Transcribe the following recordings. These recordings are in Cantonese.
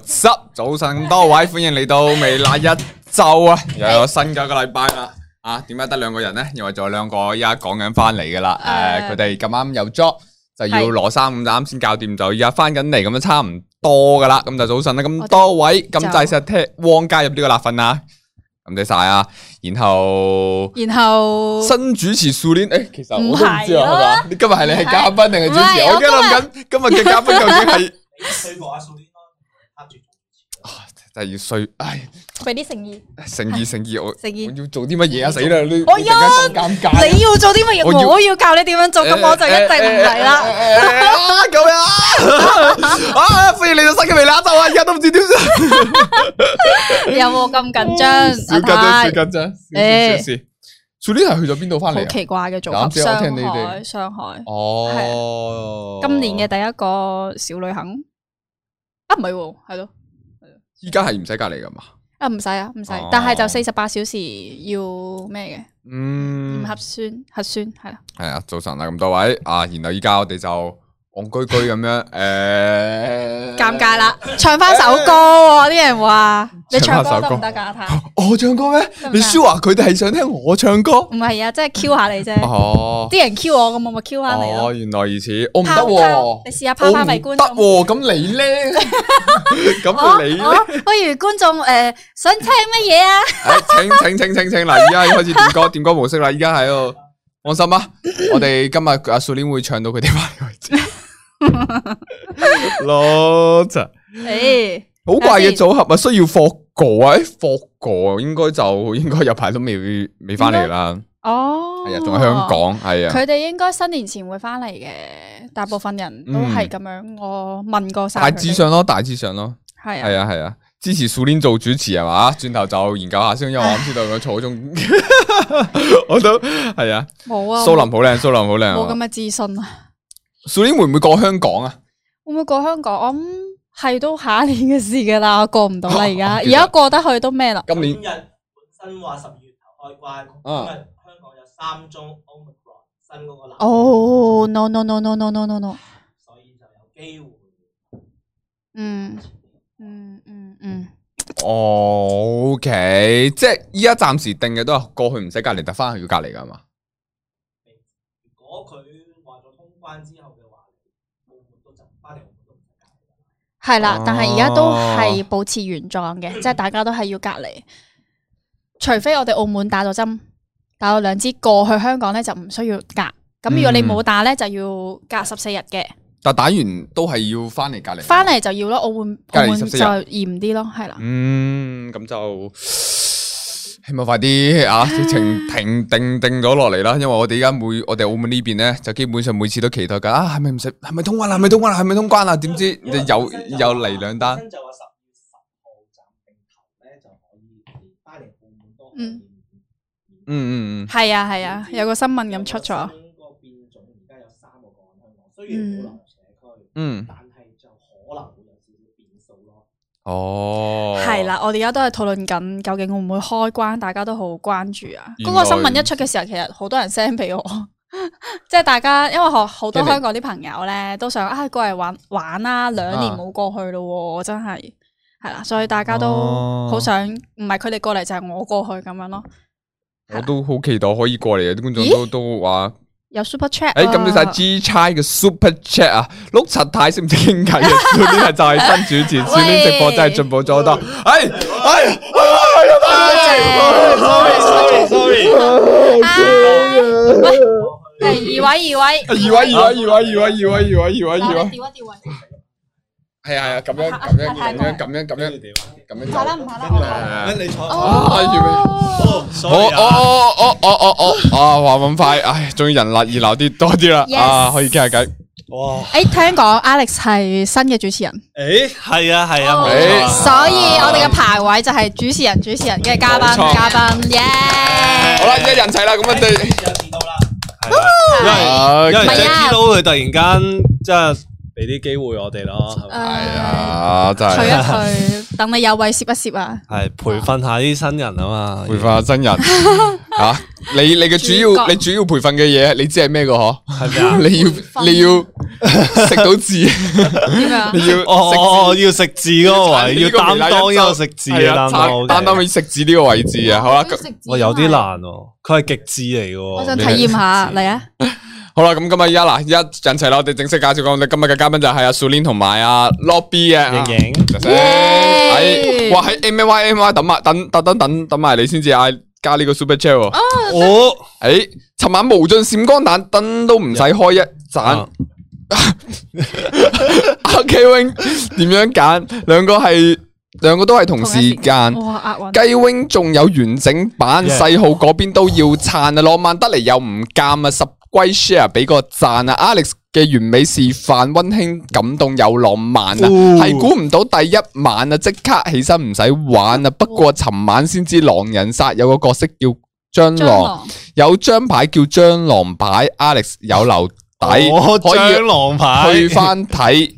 早晨多位，歡迎嚟到微辣一周啊！又有新嘅個禮拜啦，啊，點解得兩個人呢？因為仲有兩個依家講緊翻嚟噶啦，誒，佢哋咁啱有 job 就要攞三五盞先搞掂，就依家翻緊嚟咁樣差唔多噶啦，咁就早晨啦。咁多位，咁再試下聽汪加入呢個辣粉啊！唔該晒啊，然後然後新主持 Sulin，誒，其實我都唔知啊，你今日係你係嘉賓定係主持？我而家諗緊今日嘅嘉賓究竟係？係要衰，哎！俾啲誠意，誠意誠意，我我要做啲乜嘢啊？死啦！你我呀，你要做啲乜嘢？我要教你點樣做，我就一定唔係啦。救命啊！啊，不如你個手機未拿走啊？而家都唔知點算？有冇咁緊張？少緊張，少緊張。誒，Chloe 係去咗邊度翻嚟？好奇怪嘅做法，上海，上海。哦，今年嘅第一個小旅行，啊，唔係喎，係咯。而家係唔使隔離噶嘛？啊唔使啊，唔使，哦、但係就四十八小時要咩嘅？嗯，唔核酸核酸係啦。係啊，早晨啦，咁多位啊，然後而家我哋就。戇居居咁樣，誒，尷尬啦！唱翻首歌，啲人話你唱歌得唔得噶？我唱歌咩？你說話，佢哋係想聽我唱歌，唔係啊，真係 Q 下你啫。哦，啲人 Q 我咁，我咪 Q 下你。哦，原來如此，我唔得喎。你試下趴趴咪觀眾，得喎。咁你咧？咁你咧？不如觀眾誒，想聽乜嘢啊？請請請請請，嗱，而家開始點歌，點歌模式啦！而家喺度，放心啊，我哋今日阿 Sulin 會唱到佢哋翻嚟老仔，誒，好怪嘅組合啊，需要霍哥啊，霍哥應該就應該有排都未未翻嚟啦。哦，係啊，仲喺香港，係啊。佢哋應該新年前會翻嚟嘅，大部分人都係咁樣。嗯、我問過晒。大致上咯，大致上咯，係係啊係啊，啊，啊，支持蘇林做主持係嘛？轉頭就研究下先，因為我唔知道佢坐中， 我都係啊。冇啊，蘇林好靚，蘇林好靚，冇咁嘅自信啊。明年會唔會過香港啊？會唔會過香港？我諗係都下一年嘅事噶啦，我過唔到啦。而家而家過得去都咩啦？今年本身話十月頭開關，咁年啊因為香港有三宗 Omicron 新個藍。哦、oh，no no no no no no no, no, no. 所以就有機會。嗯嗯嗯嗯。嗯嗯嗯、o、okay, K，即係而家暫時定嘅都係過去唔使隔離，但翻去要隔離噶係嘛？係啦，但係而家都係保持原狀嘅，啊、即係大家都係要隔離， 除非我哋澳門打咗針，打咗兩支過去香港咧就唔需要隔。咁、嗯、如果你冇打咧就要隔十四日嘅。但打完都係要翻嚟隔離，翻嚟就要咯。澳門澳門就嚴啲咯，係啦。嗯，咁就。希望快啲啊！直情停定定咗落嚟啦，因為我哋而家每我哋澳門邊呢邊咧，就基本上每次都期待緊啊，係咪唔使，係咪通關啦，係咪通關啦，係咪通關啦？點知又又嚟兩單？嗯嗯嗯嗯，係、嗯、啊係啊，有個新聞咁出咗。嗯嗯。嗯嗯。哦，係啦、oh，我哋而家都係討論緊究竟會唔會開關，大家都好關注啊！嗰來個新聞一出嘅時候，其實好多人 send 俾我，即 係大家因為學好多香港啲朋友咧都想過啊過嚟玩玩啦，兩年冇過去咯、哦，真係係啦，所以大家都好想，唔係佢哋過嚟就係、是、我過去咁樣咯。啊、了我都好期待可以過嚟啊！啲觀眾都咦都話。有 Super Chat，哎，咁你睇 G c h a 嘅 Super Chat 啊？碌七太識唔識傾偈啊？Sulin 就係新主持，Sulin 直播真係進步咗好多。係係係啊！sorry sorry sorry，喂，二位二位，二位二位二位二位二位二位二位，第二位第二位。係係啊，咁樣咁樣咁樣咁樣咁樣點啊？唔係啦，唔係啦，跟住點啊？你坐。哦，所以啊，我我我我我我啊話咁快，唉，終於人流熱流啲多啲啦，啊，可以傾下偈。哇！誒，聽講 Alex 係新嘅主持人。誒，係啊，係啊。誒，所以我哋嘅排位就係主持人，主持人嘅嘉賓，嘉賓。錯。好啦，依家人齊啦，咁啊，對。有電腦啦。係啦。因為因為 Jacky Lou 佢突然間即係。俾啲機會我哋咯，係啊，退一退，等你有位攝一攝啊。係培訓下啲新人啊嘛，培訓下新人。吓，你你嘅主要，你主要培訓嘅嘢，你知係咩嘅嗬？係咩啊？你要你要食到字，要我我要食字嗰個位，要擔當一個食字擔當，擔當你食字呢個位置啊，係啊，我有啲難，佢係極字嚟嘅。我想體驗下，嚟啊！好啦，咁今日而家啦，而家整齊啦，我哋正式介紹講，我哋今日嘅嘉賓就係阿 Sulin 同埋阿 LokB 嘅。瑩瑩，哇，喺 M Y M Y 等埋等，特登等等埋你先至嗌加呢個 Super Chat 喎。哦，誒，尋晚無盡閃光彈，燈都唔使開一盞。阿 Kwing，點樣揀？兩個係？兩個都係同時間，雞 wing 仲有完整版，細 Yeah, 號嗰邊都要撐啊！哦、浪漫得嚟又唔尷啊，十歸 share 俾個讚啊、哦、！Alex 嘅完美示範，溫馨感動又浪漫啊！係估唔到第一晚啊，即刻起身唔使玩啊！哦、不過尋晚先知狼人殺有個角色叫蟑螂，張浪有張牌叫蟑螂牌，Alex 有留底，可以去翻睇。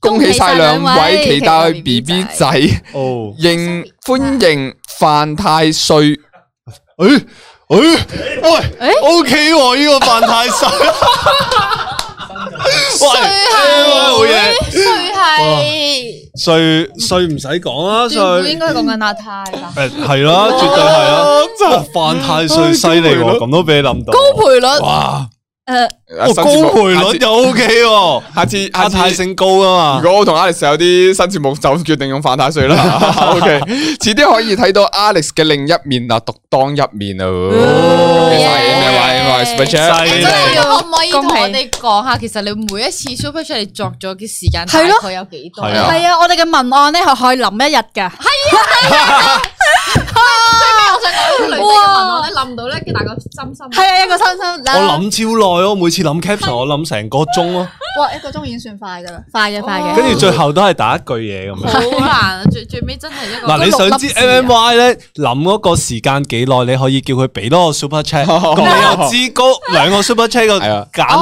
恭喜晒兩位，期待 B B 仔，應歡迎范太歲。誒誒喂，O K 喎，呢個范太歲，歲係歲係歲歲唔使講啦，歲應該講緊阿太啦。誒係啦，絕對係啦，范太歲犀利喎，咁都畀你諗到高賠率。.誒，高回率就 OK 喎，下次下次升高啊嘛！如果我同 Alex 有啲新節目，就決定用犯太歲啦。OK，遲啲可以睇到 Alex 嘅另一面啊，獨當一面啊！哇，真係要，可唔可以同我哋講下，其實你每一次 super 出嚟作咗嘅時間大概有幾多？係啊，我哋嘅文案咧係可以諗一日噶。係啊，係啊。哇！你諗到咧，跟住大家心心。係啊，一個心心。我諗超耐咯，每次諗 caption 我諗成個鐘咯。哇，一個鐘已經算快噶啦，快嘅快嘅。跟住最後都係打一句嘢咁樣。好難啊，最最尾真係一個。嗱，你想知 M M Y 咧諗嗰個時間幾耐？你可以叫佢俾多個 super chat 咁你又知嗰兩個 super chat 個簡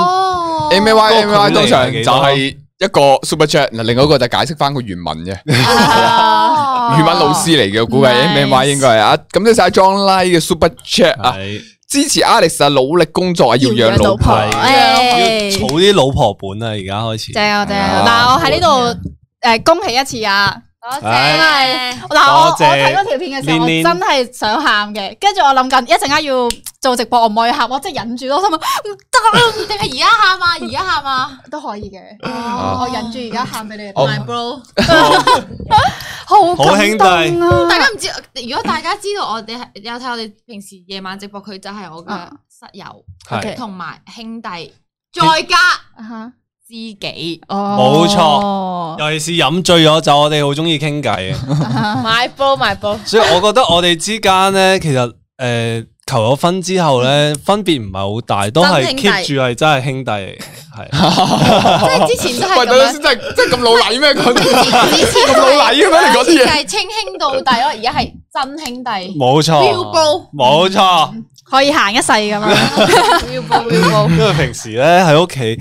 M M Y Y 通常就係一個 super chat，e 另外一個就解釋翻個原文嘅。語文老師嚟嘅，估計英文話應該係啊，咁 就寫 John Lie 嘅 Super Chat 支持 Alex 努力工作要養老婆，對要儲啲老、哎、老婆本啊，而家開始，對啊、嗯嗯、我啊。嗱，我喺呢度恭喜一次啊！我正，嗱我我睇嗰條片嘅時候，我真係想喊嘅。跟住我諗緊，一陣間要做直播，我唔可以喊，我即係忍住咯。心諗唔得，定係而家喊啊？而家喊啊，都可以嘅。我忍住而家喊俾你哋，My bro，好感動啊！大家唔知，如果大家知道我哋係有睇我哋平時夜晚直播，佢就係我嘅室友同埋兄弟在家。e 知己哦，冇錯，尤其是飲醉咗酒，我哋好中意傾偈。買煲買煲，所以我覺得我哋之間咧，其實誒，求咗婚之後咧，分別唔係好大，都係 keep 住係真係兄弟，係。即係之前真係，真係真係咁老禮咩？之前之前咁老禮嘅咩？嗰啲嘢就係稱兄道弟咯，而家係真兄弟。冇錯，冇錯，可以行一世咁樣。飆煲飆煲，因為平時咧喺屋企。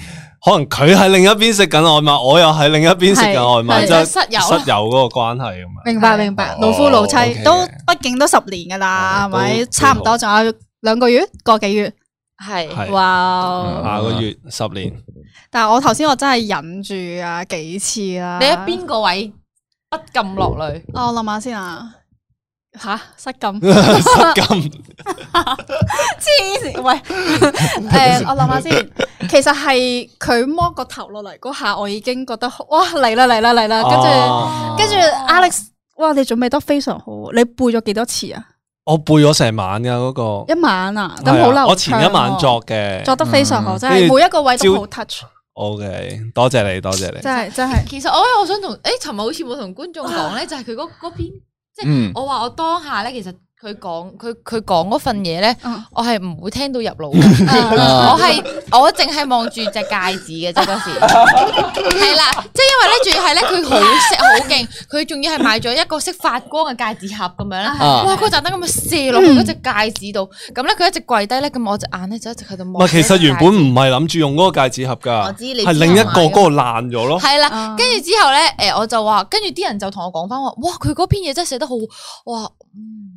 可能佢喺另一邊食緊外賣，我又喺另一邊食緊外賣，就室友室友嗰個關係咁啊！明白明白，老夫老妻都畢竟都十年噶啦，係咪？差唔多仲有兩個月個幾月，係哇？下個月十年。但係我頭先我真係忍住啊幾次啊。你喺邊個位不禁落淚？我諗下先啊。吓失禁，失禁，黐線 喂！誒、呃，我諗下先，其實係佢剝個頭落嚟嗰下，下我已經覺得哇嚟啦嚟啦嚟啦！跟住跟住 Alex，哇你準備得非常好，你背咗幾多次啊？我背咗成晚噶嗰、嗰個一晚啊，咁好、啊、流暢我前一晚作嘅，嗯、作得非常好，真係、嗯、每一個位都好 touch。OK，多謝你，多謝你。真係真係，就是、 其實我我想同誒，尋、欸、日好似冇同觀眾講咧，啊、就係佢嗰嗰邊。即係、嗯、我話我當下咧，其實。佢講佢佢講嗰份嘢咧，我係唔會聽到入腦，我係我淨係望住隻戒指嘅啫嗰時，係啦，即係因為咧，仲要係咧，佢好識好勁，佢仲要係買咗一個識發光嘅戒指盒咁樣啦。哇！嗰陣得咁射落去嗰隻戒指度，咁咧佢一直跪低咧，咁我隻眼咧就一直喺度望。其實原本唔係諗住用嗰個戒指盒噶，係另一個嗰個爛咗咯。係啦，跟住之後咧，誒，我就話，跟住啲人就同我講翻話，哇，佢嗰篇嘢真係寫得好哇！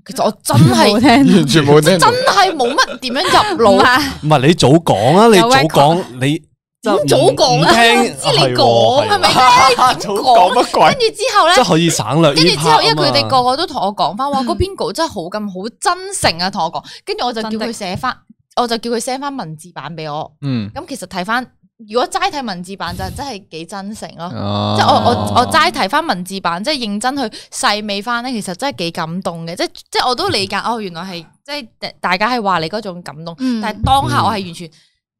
其實我真係完全冇聽，真係冇乜點樣入路啊！唔係你早講啊，你早講，你早講，唔知你講係咪先？早講乜鬼，跟住之後咧，即可以省略。跟住之後，因為佢哋個個都同我講翻話，嗰邊個真係好咁好真誠啊，同我講。跟住我就叫佢寫翻，我就叫佢 send 翻文字版俾我。嗯，咁其實睇翻。如果齋睇文字版就真係幾真誠咯，即係我我我齋睇翻文字版，即係認真去細味翻咧，其實真係幾感動嘅，即係即係我都理解哦，原來係即係大家係話你嗰種感動，但係當下我係完全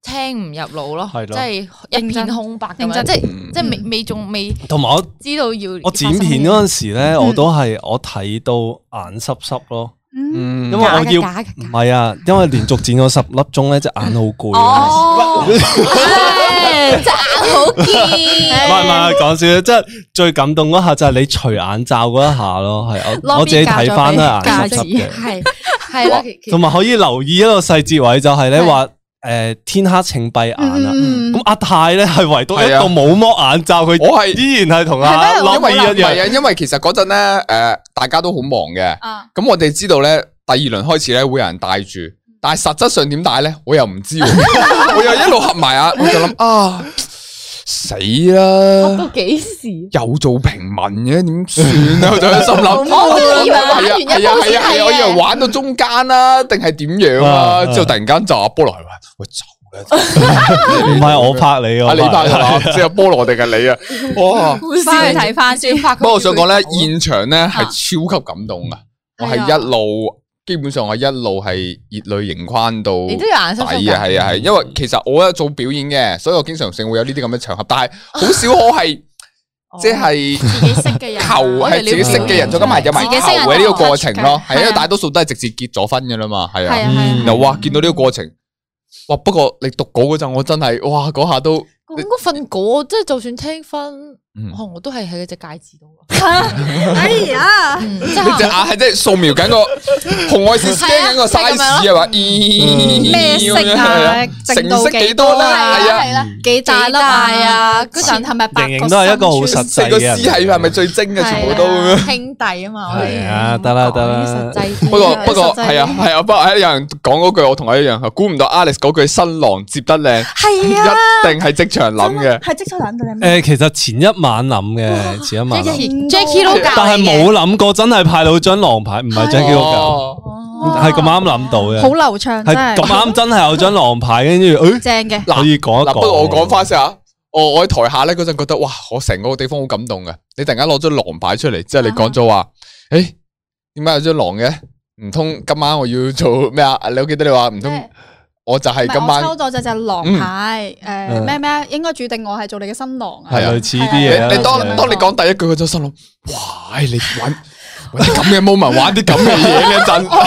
聽唔入腦咯，即係一片空白，認真即係即係未未仲未，同埋我知道要我剪片嗰陣時咧，我都係我睇到眼濕濕咯，嗯，因為我要唔係啊，因為連續剪咗十粒鐘咧，隻眼好攰。摘 好，唔係唔係講笑，即係最感動嗰下就係你除眼罩嗰一下咯，係我、 嗯、我自己睇翻啦，係係、 嗯，同埋可以留意一個細節位、就是，就係咧話誒天黑請閉眼啦，咁阿泰咧係唯獨一個冇剝眼罩，佢、啊、我係依然係同阿林，因為因為，因為其實嗰陣咧誒大家都好忙嘅，咁、啊、我哋知道咧第二輪開始咧會有人戴住。但係實質上點帶咧？我又唔知，我又一路合埋啊！我就諗啊，死啦！到幾時又做平民嘅？點算啊？我就喺心諗。我以為玩係啊係啊！我以為玩到中間啦，定係點樣啊？之後突然間就阿波羅話：喂，做嘅，唔係我拍你嘅，你拍我。即係波羅定係你啊！哇！翻去睇翻先。不過我想講咧現場咧係超級感動啊！我係一路。基本上我一路係熱淚盈眶到，係啊係啊係、啊，因為其實我有做表演嘅，所以我經常性會有呢啲咁嘅場合，但係好少我係即係，自己識嘅人，啊、求係自己識嘅人，再加埋自己識嘅人呢個過程咯，係、啊、因為大多數都係直接結咗婚噶啦嘛，係啊，又哇見到呢個過程，哇！不過你讀稿嗰陣，我真係哇嗰下都，嗰份稿即係就算聽分。我我都係喺嗰隻戒指度，哎呀，你隻眼係即係掃描緊個紅外線 scan 緊個 size 係嘛？咩色啊？成色幾多啦？係啊，係啦，幾大啦？大啊？嗰陣係咪白？都係一個好實際嘅，係咪最精嘅全部都兄弟啊嘛？啊得啦得啦，不過不過係啊係啊，不過有人講嗰句我同我一樣，估唔到 Alex 嗰句新郎接得靚，係啊，一定係即場諗嘅，係即場諗到靚。誒，其實前一。晚諗嘅，前一晚，Jackie 但係冇諗過真係派到張狼牌，唔係 Jackie 係咁啱諗到嘅，好流暢，係咁啱，真係有張狼牌，跟住，正嘅，可以講一講。不過我講翻先吓，我我喺台下咧嗰陣覺得，哇，我成個地方好感動嘅，你突然間攞張狼牌出嚟，即係你講咗話，誒，點解有張狼嘅？唔通今晚我要做咩啊？你記得你話唔通？我就係今晚收咗隻隻狼蟹，誒咩咩，應該注定我係做你嘅新郎。係啊，似啲嘢。你當當你講第一句，佢就心諗，哇！你玩玩啲咁嘅 moment，玩啲咁嘅嘢嗰陣，好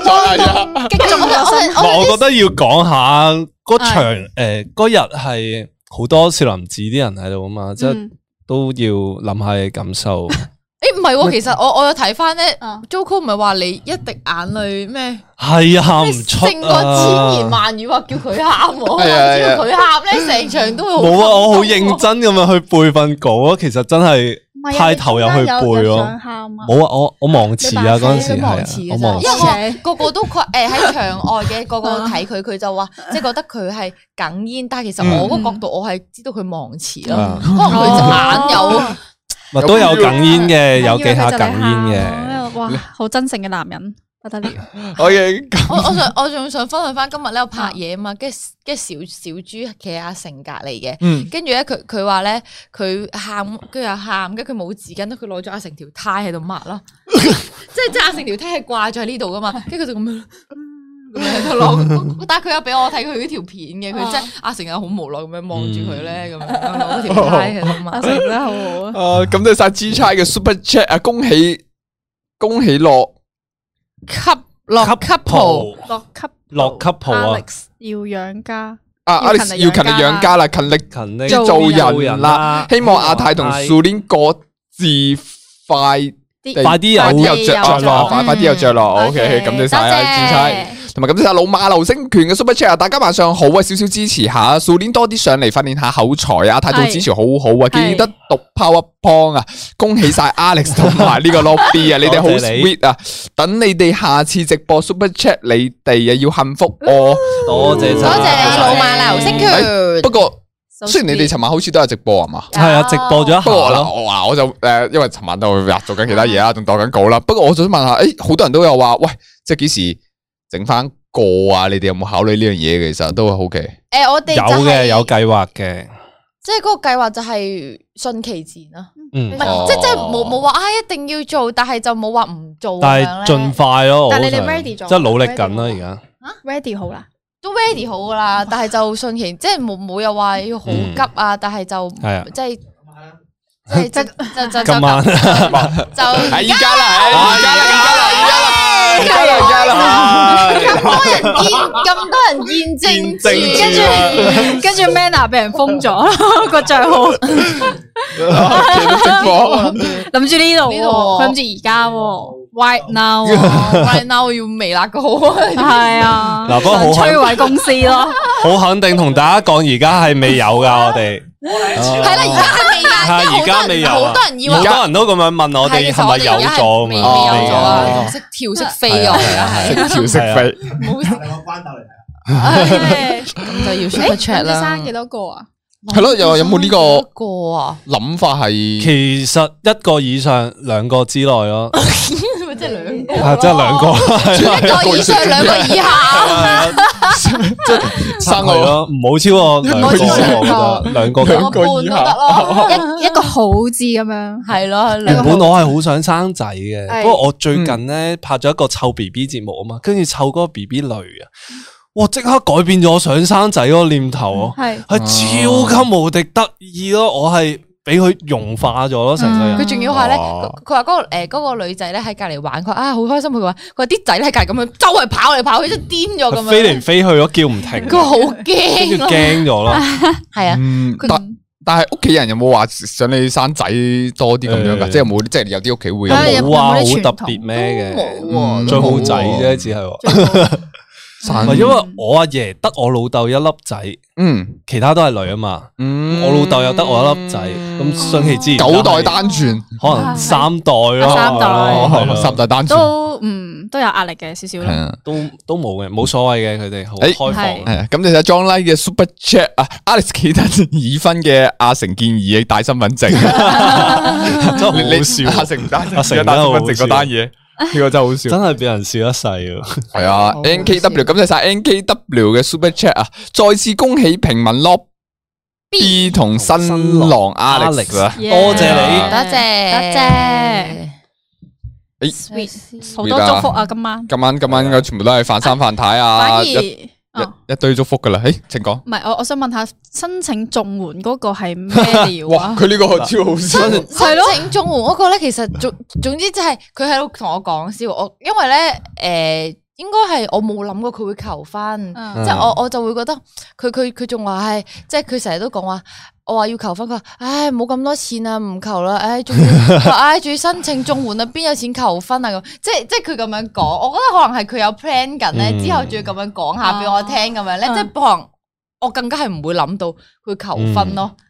彩啊！擊中咗。我我覺得要講下嗰場，誒嗰日係好多少林寺啲人喺度啊嘛，即係都要諗下感受。唔係，其實我我有睇翻咧，Joey 唔係話你一滴眼淚咩？係啊，勝過千言萬語，話叫佢喊，叫佢喊咧，成場都會冇啊，我好認真咁樣去背份稿啊，其實真係太投入去背咯。冇啊，我我忘詞啊，嗰陣時啊，因為個個都誒喺場外嘅個個睇佢，佢就話即係覺得佢係哽咽，但係其實我嗰個角度我係知道佢忘詞咯，可能佢隻眼有。都有哽煙嘅，有幾下哽煙嘅。哇，好真誠嘅男人，不得了！ 我我仲我仲想分享翻今日咧，我拍嘢啊嘛，跟跟小小豬企喺阿成隔離嘅，嗯、跟住咧佢佢話咧，佢喊，跟住又喊，跟住佢冇紙巾咯，佢攞咗阿成條呔喺度抹咯， 即係即阿成條呔係掛咗喺呢度噶嘛，跟住佢就咁樣。喺度但係佢有俾我睇佢嗰條片嘅，佢即係阿成日好無奈咁樣望住佢咧，咁樣阿條差嘅咁啊，成真好唔好啊？感謝晒支差嘅 super chat 啊，恭喜恭喜落級落級 couple 落級落級 couple 啊！要養家啊，Alex 要勤力養家啦，勤力勤力啲做人啦，希望阿泰同 Sulin 各自快快啲有著落，快啲有著落，OK，感謝晒支差。同埋感謝晒老馬劉星權嘅 super chat，大家晚上好啊，少少支持下，逐年多啲上嚟訓練下口才啊，態度支持好好啊，記得讀 PowerPoint 啊，恭喜晒 Alex 同埋呢個 LokB 啊，你哋好 sweet 啊，等你哋下次直播 super chat，你哋啊要幸福喎、啊，嗯、多謝、嗯、多謝老馬劉星權。嗯、不過、so、雖然你哋尋晚好似都有直播啊嘛，係啊，直播咗，不過嗱我話我，我就誒、呃，因為尋晚都做緊其他嘢啊，仲做緊稿啦。不過我想問下，誒、欸，好多人都有話，喂，即係幾時？整翻個啊！你哋有冇考慮呢樣嘢？其實都好奇。誒，我哋有嘅，有計劃嘅。即係嗰個計劃就係順其自然啦。唔係，即係即係冇冇話啊一定要做，但係就冇話唔做。但係儘快咯。但係你哋 ready 咗？即係努力緊啦而家。ready 好啦，都 ready 好噶啦。但係就順其，即係冇冇又話要好急啊。但係就係啊，即係即係即係即係今晚就喺依家啦，咁多人咁咁多人見證住，跟住跟住 Manner 俾人封咗個賬號，諗住呢度，諗住而家，Why now？Why now？要微辣個好，係啊，嗱，嗰個好摧毀公司咯，好肯定同大家講，而家係未有噶，我哋。係啦、啊，而家係未有，而家好多人，好多人以為，好多人都咁樣問我哋係咪有咗？未有，哦，未有，哦、啊！識跳識飛啊！識跳識飛，唔好食我關頭嚟。咁就要 check 啦。欸、生幾多個啊？係咯，有有冇呢個諗法？係其實一個以上，兩個之內咯。 即係兩個，係即係兩個，一個以上，兩個以下，即係生女咯，唔好超啊，兩個得，兩個半都得咯，一一個好字咁樣，係咯。原本我係好想生仔嘅，不過我最近咧拍咗一個湊 B B 節目啊嘛，跟住湊嗰個 B B 女啊，哇即刻改變咗我想生仔個念頭，係係超級無敵得意咯，我係。俾佢融化咗咯，成個人。佢仲要話咧，佢話嗰個誒個女仔咧喺隔籬玩，佢啊好開心去玩。佢話啲仔咧係隔籬咁樣，周圍跑嚟跑去，都係癲咗咁樣。飛嚟飛去咯，叫唔停。佢好驚，驚咗咯，係啊。但但係屋企人有冇話想你生仔多啲咁樣噶？即係冇，即係有啲屋企會有哇，好特別咩嘅？冇最好仔啫，只係。因為我阿爺得我老豆一粒仔，其他都係女啊嘛。我老豆又得我一粒仔，咁順其自然。九代單傳，可能三代咯，三代，十代單傳都嗯都有壓力嘅少少都都冇嘅，冇所謂嘅佢哋好開放。係啊，咁就阿 Johnny 嘅 Super Chat 啊 Alex 記得已婚嘅阿成建議你帶身份證。阿成唔帶，阿成唔帶身份證個單嘢。呢個真係好笑，真係俾人笑一世啊！係啊，NKW，感謝晒 NKW 嘅 super chat 啊，再次恭喜平民 lop B 同新郎 a 力啊，多謝你，多謝多謝，哎，好多祝福啊，今晚，今晚今晚應該全部都係泛三泛太啊。哦、一一堆祝福噶啦，誒、欸，請講。唔係，我我想問下申請綜援嗰個係咩料啊？佢呢 個超好笑。申，申請綜援嗰個咧，其實 總總之就係佢喺度同我講笑，我因為咧誒。呃應該係我冇諗過佢會求婚，嗯、即係我、嗯、我就會覺得佢佢佢仲話係，即係佢成日都講話我話要求婚，佢話唉冇咁多錢啊，唔求啦，唉仲唉仲要申請綜援啊，邊有錢求婚啊？咁，即係即係佢咁樣講，我覺得可能係佢有 plan 緊咧，嗯、之後仲要咁樣講下俾我聽咁、啊、樣咧，嗯、即係可能我更加係唔會諗到佢求婚咯。嗯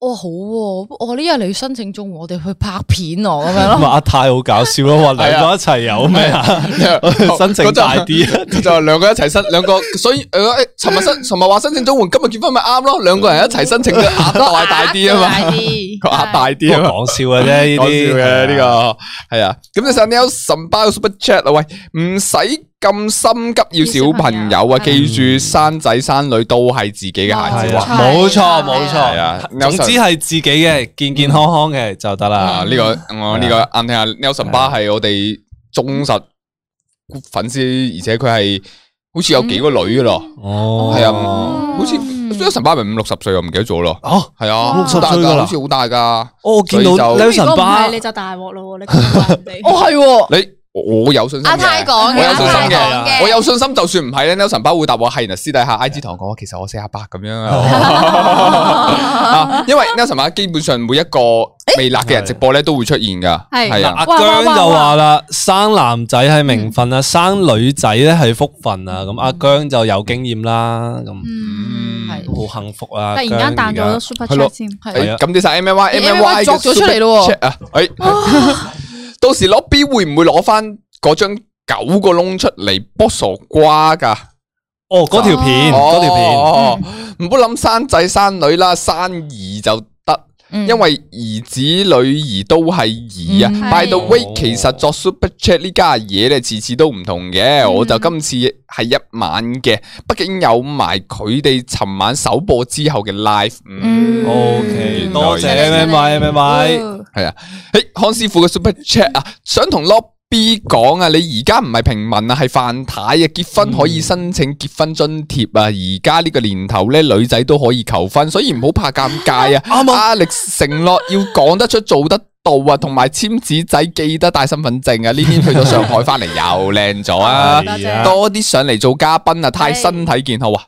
哦，好，我呢日嚟申請綜援，我哋去拍片哦，咁樣咯。阿、啊、太好搞笑咯，話兩個一齊有咩啊？ 申請大啲，就兩個一齊申，兩個所以誒，尋日申尋日話申請綜援，今日結婚咪啱咯，兩個人一齊申請個額大啲啊嘛，個額大啲。講笑嘅啫，呢啲嘅呢個係啊。咁你想你有十包 super chat 啊？喂，唔使。咁心急要小朋友啊！記住，生仔生女都係自己嘅孩子冇錯冇錯。係啊，總之係自己嘅，健健康康嘅就得啦。呢個我呢個 Anton，Nelson 巴係我哋忠實粉絲，而且佢係好似有幾個女噶咯。哦，係啊，好似 Nelson 巴咪五六十歲，又唔記得咗咯。哦，係啊，六十歲好似好大噶。哦，見到 Nelson 巴，你就大鑊咯，你哦，係你。.我有信心，阿泰講嘅，我有信心嘅，我有信心就算唔係咧，Nelson 包會答我係，私底下 I G 同我講，其實我四阿八咁樣啊，因為 Nelson 包基本上每一個微辣嘅人直播咧都會出現噶，係啊，阿姜就話啦，生男仔係名分啊，生女仔咧係福分啊，咁阿姜就有經驗啦，咁，嗯，好幸福啊，突然間彈咗 super chat 先，係啊，咁啲晒 M m Y M L Y 咗出嚟咯，check 啊，哎。到時 LokB 會唔會攞翻嗰張九個窿出嚟剝傻瓜噶？哦，嗰條片，嗰條就、哦、片，哦、嗯，唔好諗生仔生女啦，生兒就。因為兒子女兒都係兒啊，快到喂，way, 哦、其實作 super chat 呢家嘢咧，次次都唔同嘅，嗯、我就今次係一晚嘅，畢竟有埋佢哋尋晚首播之後嘅 live 嗯。嗯，OK，多謝，咩麥咩麥，係、哦、啊，誒，康師傅嘅 super chat 啊，嗯、想同 Lok B 講啊，你而家唔係平民啊，係范太啊，結婚可以申請結婚津貼啊。而家呢個年頭咧，女仔都可以求婚，所以唔好怕尷尬啊。阿 Alex 承諾要講得出，做得。度啊，同埋簽紙仔記得帶身份證啊！呢邊去咗上海翻嚟又靚咗啊！多啲上嚟做嘉賓啊！太身體健康啊！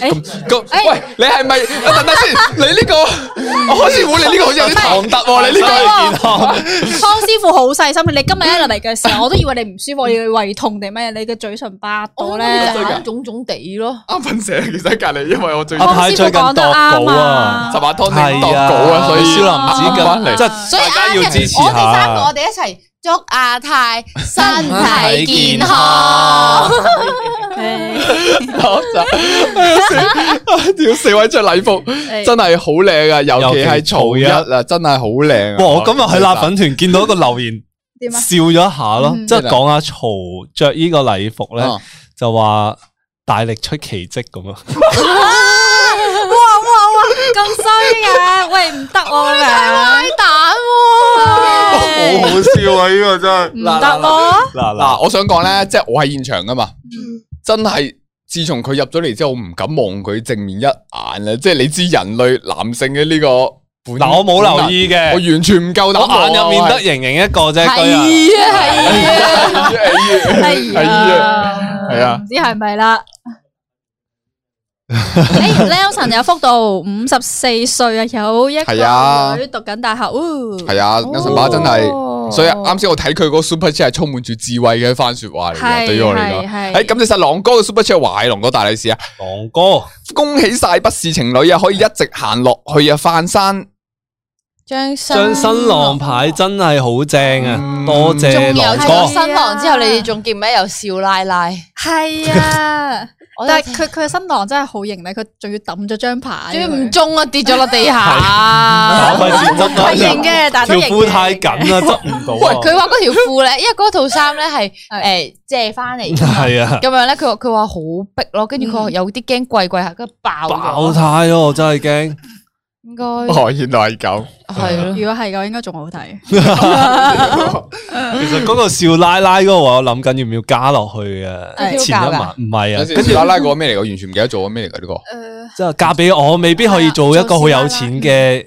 咁喂，你係咪？等等先，你呢個我師傅，你呢個好似有啲唐突，你呢個係健康？湯師傅好細心，你今日一入嚟嘅時候，我都以為你唔舒服，要胃痛定咩？你嘅嘴唇白到咧，腫腫地咯。啱瞓醒，其實隔籬，因為我最近度稿啊，成日拖啲度稿啊，所以蘇霖翻嚟要支持 我哋三個，我哋一齊祝阿泰身體健康啊。好， 屌四位着禮服， 真係好靚噶，尤其係曹一嗱，真係好靚。我今日喺辣粉團見到一個留言，嗯、笑咗一下咯，嗯、即係講阿曹着呢個禮服咧，嗯、就話大力出奇跡咁啊！咁衰嘅，喂唔 得我嘅，拉蛋 了，好好笑啊！呢個真係唔得我。嗱嗱，我想講咧，即、就、係、是、我喺現場㗎嘛，真係自從佢入咗嚟之後，我唔敢望佢正面一眼喇。 即係你知人類男性嘅呢個，嗱、 呃、我冇留意嘅，我完全唔夠膽，我眼入面得盈盈一個啫。係啊係啊，係啊係啊，係啊，唔、啊啊、 知係咪啦？Nelson 有幅度，五十四歲啊，有一個女讀緊大學。係啊，男神爸真係。所以啱先我睇佢個 Super Chat 係充滿住智慧嘅一番說話嚟嘅，對於我嚟講。喺咁其實朗哥嘅 Super Chat 華喺朗哥大利是啊。朗哥，恭喜晒不是情侶啊，可以一直行落去啊，翻山。張新新郎牌真係好正啊！多謝朗哥。仲有咗新郎之後，你仲見唔見有少奶奶？係啊。但係佢佢新郎真係好型咧，佢仲要抌咗張牌，仲要唔中啊，跌咗落地下。係佢型嘅，但係都型。條褲太緊啦，執唔到。佢話嗰條褲咧，因為嗰套衫咧係誒借翻嚟，係啊的，咁樣咧，佢話佢話好逼咯，跟住佢有啲驚跪跪下，跟住爆。爆胎咯，我真係驚。 應該哦，原來係狗，係咯的。 如果係狗，應該仲好睇。其實嗰個少奶奶嗰個話我諗緊要唔要加落去嘅前一晚啊嘛？唔係對對啊，跟住奶奶嗰個咩嚟？我完全唔記得做咩嚟噶呢個。誒，即係嫁俾我，未必可以做一個好有錢嘅。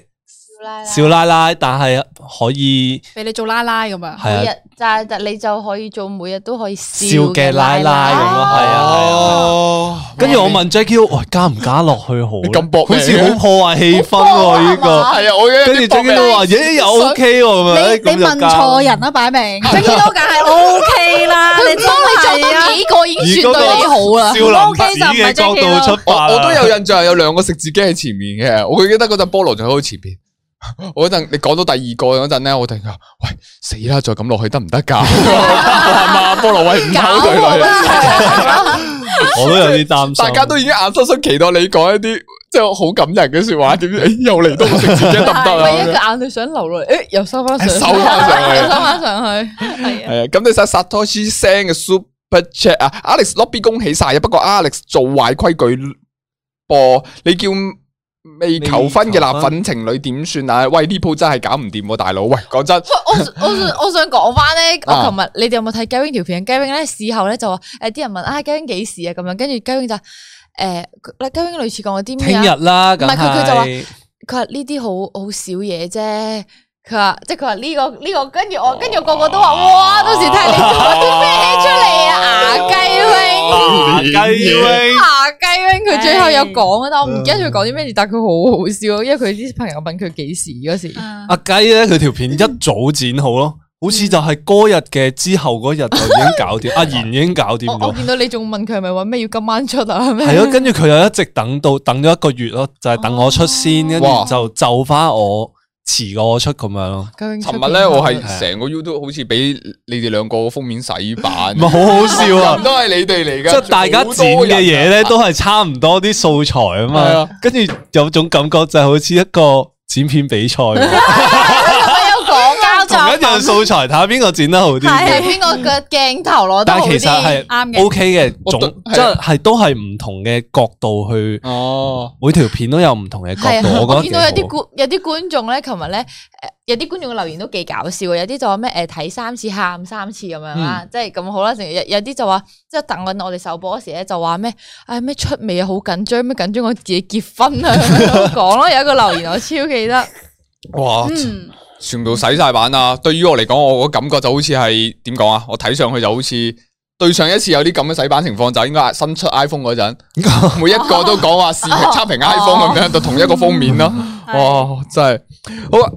嗯笑奶奶，但係可以俾你做奶奶咁啊？係啊，就係你就可以做，每日都可以笑嘅奶奶咁咯。啊，跟住我問 Jacky，喂，加唔加落去好？咁搏嘅，好似好破壞氣氛喎。呢個係啊，我跟住 Jacky 都話，咦又 OK 喎。咁啊，你問錯人啦，擺明 Jacky 都梗係 OK 啦。你幫你做多幾個已經算對你好啦。OK 就唔係 Jacky 咯。我都有印象，有兩個食自己喺前面嘅，我記得嗰陣菠蘿仲喺佢前面。我嗰陣你講到第二個嗰陣咧，我突然喂，死啦！再咁落去得唔得噶？阿媽，菠蘿威唔抽佢。女，我都有啲擔心，大家都已經眼濕濕，期待你講一啲即係好感人嘅說話。點解又嚟到？眼睛得唔得啊？個眼淚想流落嚟誒，又收翻上，收翻上，去，收翻上去。係啊，咁你使撒拖師聲嘅 Super Chat 啊 Alex Lobby 恭喜晒啊！不過 Alex 做壞規矩，噃，你叫。未求婚嘅立粉情侶點算啊？喂，呢鋪真係搞唔掂，大佬喂，講真。我我我想講翻咧，我琴日、啊、你哋有冇睇 Gary 條片 Gary 咧事後咧就話誒，啲人問啊，Gary 幾時啊？咁樣跟住 Gary 就誒，Gary、呃、類似講我啲咩啊？聽日啦，唔係佢佢就話佢話呢啲好好少嘢啫。佢話，即係佢話呢個呢個，跟住我跟住個個都話，哇！到時睇你做咗啲咩出嚟啊，阿雞威，阿雞威，阿雞威，佢最後有講，但我唔記得佢講啲咩但佢好好笑，因為佢啲朋友問佢幾時嗰時，阿雞咧佢條片一早剪好咯，好似就係嗰日嘅之後嗰日就已經搞掂，阿賢已經搞掂咗。我見到你仲問佢係咪話咩要今晚出啊？係咯，跟住佢又一直等到等咗一個月咯，就係等我出先，跟住就就翻我。遲過我出咁樣咯。尋日咧，我係成個 YouTube 都好似俾你哋兩個封面洗版，唔係好好笑啊！都係你哋嚟噶，即係大家剪嘅嘢咧， 都係差唔多啲素材啊嘛。跟住 有種感覺就係好似一個剪片比賽。 一樣素材睇下邊個剪得好啲，係邊個嘅鏡頭攞得好啲，啱嘅 OK 嘅，總即係都係唔同嘅角度去。哦，每條片都有唔同嘅角度。我見到有啲觀有啲觀眾咧，琴日咧，誒，有啲觀眾嘅留言都幾搞笑，有啲就話咩誒睇三次喊三次咁樣啦，即係咁好啦。成日有啲就話，即係等緊我哋首播嗰時咧，就話咩，唉咩出未？啊好緊張，咩緊張我自己結婚啊，咁講咯。有一個留言我超記得。哇！全部洗晒版啦，對於我嚟講，我個感覺就好似係點講啊？我睇上去就好似對上一次有啲咁嘅洗版情況，就係應該新出 iPhone 嗰陣，每一個都講話、哦、視頻差評 iPhone 咁樣，就同一個封面咯。哇！真係好啊！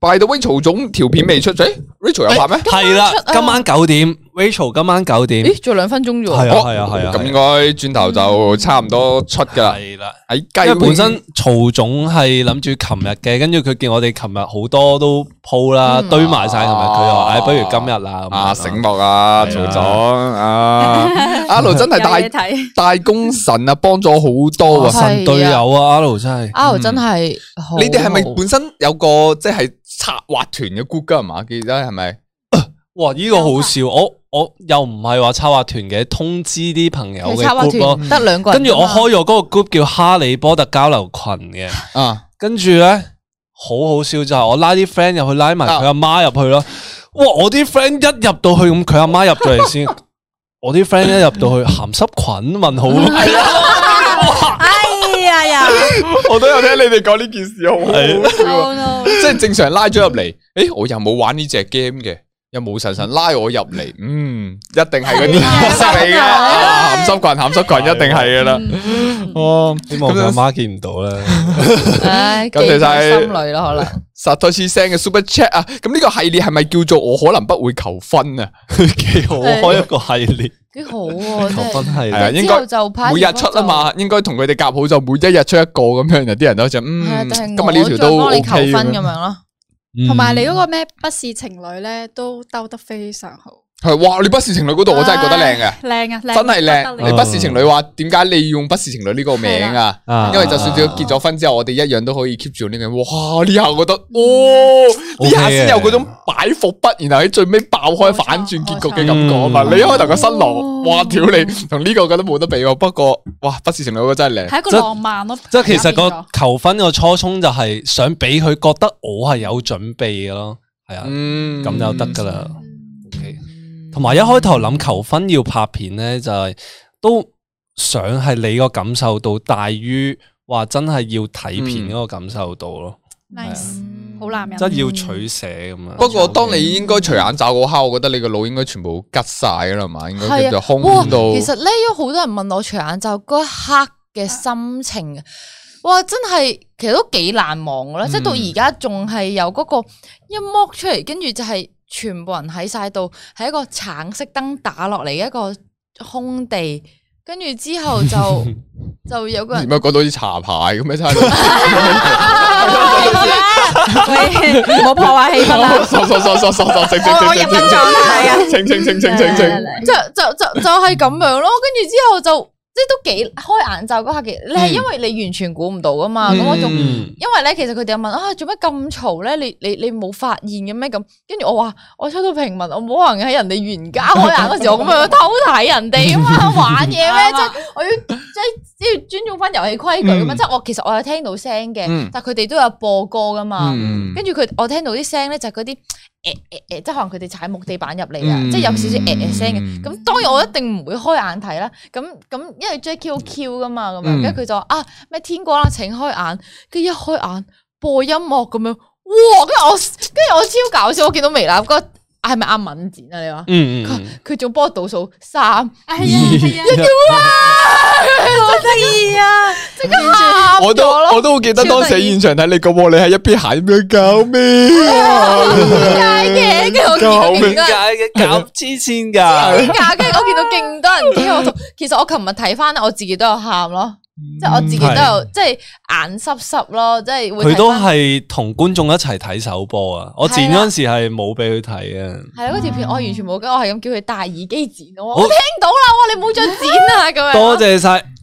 誒，by the way，曹總條片未出？誒、哎、Rachel 有拍咩？係啦、哎啊，今晚九點。Rachel 今晚九點，咦，仲兩分鐘咋？係啊，係啊，係啊，咁應該轉頭就差唔多出噶啦。係啦，因為本身曹總係諗住琴日嘅，跟住佢見我哋琴日好多都鋪啦，堆埋晒，咁日佢話唉，不如今日啊，啊，醒目啊，曹總啊，阿盧真係大大功臣啊，幫咗好多啊，神隊友啊，阿盧真係，阿盧真係，你哋係咪本身有個即係策劃團嘅 group 啊嘛？記得係咪？哇，呢個好笑我。我又唔係話策劃團嘅通知啲朋友嘅 group，得兩個人。跟住我開咗嗰個 group 叫《哈利波特交流群》嘅，跟住咧好好笑就係我拉啲 friend 入去，拉埋佢阿媽入去咯。哇！我啲 friend 一入到去，咁佢阿媽入咗嚟先，我啲 friend 一入到去鹹濕群問好。哎呀呀！我都有聽你哋講呢件事，好好笑。即係正常拉咗入嚟。誒，我又冇玩呢隻 game 嘅。又冇神神拉我入嚟？嗯，一定係嗰啲角色嚟噶，鹹、 啊、濕群、鹹濕群一定係噶啦。 哦，希望阿媽見唔到啦。唉 記在心裏咯，可能。實多次聲嘅 Super Chat 啊，咁、這、呢個系列係咪叫做我可能不會求婚啊？ 幾好開一個系列，幾、哎、好、啊就是、求婚係啊，應該每日出啊嘛，應該同佢哋夾好就每一日出一個咁樣，有啲人都就嗯，是今日呢條都你求婚 OK 嘅。 同埋你嗰個咩不是情侶咧，都兜得非常好。係哇！你不是情侶嗰度，我真係覺得靚嘅，靚啊，真係靚！你不是情侶話點解你用不是情侶呢個名啊？因為就算到結咗婚之後，我哋一樣都可以 keep 住呢個。哇！呢下覺得哇，呢下先有嗰種擺伏筆，然後喺最尾爆開反轉結局嘅感覺啊嘛！你一開頭個新郎哇，屌你同呢個覺得冇得比啊！不過哇，不是情侶個真係靚，係一個浪漫咯。即係其實個求婚個初衷就係想俾佢覺得我係有準備嘅咯，係啊，咁就得噶啦。同埋一開頭諗求婚要拍片咧，就係、是、都想係你個感受到大於話真係要睇片嗰個感受到咯。Nice，、嗯、的好男人。真要取捨咁樣！嗯、不過當你應該除眼罩嗰刻，我覺得你個腦應該全部吉晒啦嘛，應該叫做空到。其實咧，有好多人問我除眼罩嗰一刻嘅心情，啊、哇，真係其實都幾難忘噶啦！嗯、即係到而家仲係有嗰、那個一剝出嚟，跟住就係、是。全部人喺晒度，係一個橙色燈打落嚟，一個空地，跟住之後就就有個人，唔係嗰度似茶牌咁樣？真係，唔好破壞氣氛，收收收收收，清清清清清清，停，就就就就係咁樣咯，跟住之後就。即係都幾開眼罩嗰下嘅，你係因為你完全估唔到噶嘛，咁我仲因為咧，其實佢哋又問啊，做乜咁嘈咧？你你你冇發現嘅咩咁？跟住我話我抽到平民，我冇可能喺人哋玩家開眼嗰時候，咁樣偷睇人哋啊嘛，玩嘢咩？即係我要即係即係尊重翻遊戲規矩咁嘛！即係我其實我有聽到聲嘅，但佢哋都有播歌噶嘛。跟住佢我聽到啲聲咧，就係嗰啲誒誒誒，即係可能佢哋踩木地板入嚟啊，即係有少少誒誒聲嘅。咁當然我一定唔會開眼睇啦。咁咁。因為 JQQ 噶嘛，咁樣、嗯，跟住佢就話啊咩天光啦，請開眼，跟住一開眼播音樂咁樣，哇！跟住我跟住我，我超搞笑，我見到微辣，個係咪阿敏展啊？你話，佢佢仲幫我倒數三哎、嗯嗯、二一，哇！可以啊，真係好得意、啊、～我都我都記得當時喺現場睇你個，你喺一邊蟹，咁樣搞咩？搞咩？搞黐線噶！搞咩？跟住我見到勁多人聽我。其實我琴日睇翻，我自己都有喊咯，即係我自己都有，即係眼濕濕咯，即係會。佢都係同觀眾一齊睇首播啊！我前嗰陣時係冇俾佢睇啊。係啊，嗰條片我完全冇，我係咁叫佢戴耳機剪我聽到啦，你冇再剪啊！咁樣。多謝晒。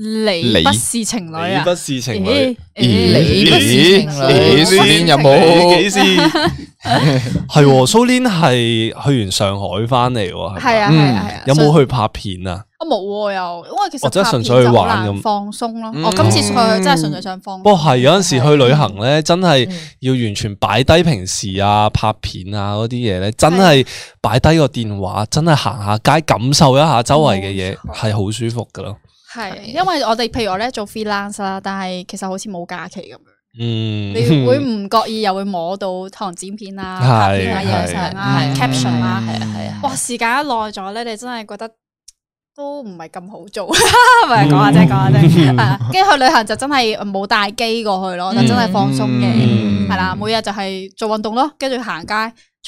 你不是情侶啊？不是情侶，你不是情侶先有冇幾時？係 Sulin 係去完上海翻嚟，係啊係啊，有冇去拍片啊？我冇又，因為其實純粹去玩，咁放鬆咯。我今次去真係純粹想放鬆。不過係有陣時去旅行咧，真係要完全擺低平時啊拍片啊嗰啲嘢咧，真係擺低個電話，真係行下街感受一下周圍嘅嘢，係好舒服噶咯。係，因為我哋譬如我咧做 freelance 啦，但係其實好似冇假期咁樣，嗯、你會唔覺意又會摸到唐剪片啦，拍片啦，影相啦，caption 啦，係啊，哇，時間一耐咗咧，你真係覺得都唔係咁好做，咪講下啫，講下啫，跟住去旅行就真係冇帶機過去咯，嗯、就真係放鬆嘅。係啦、嗯，每日就係做運動咯，跟住行街。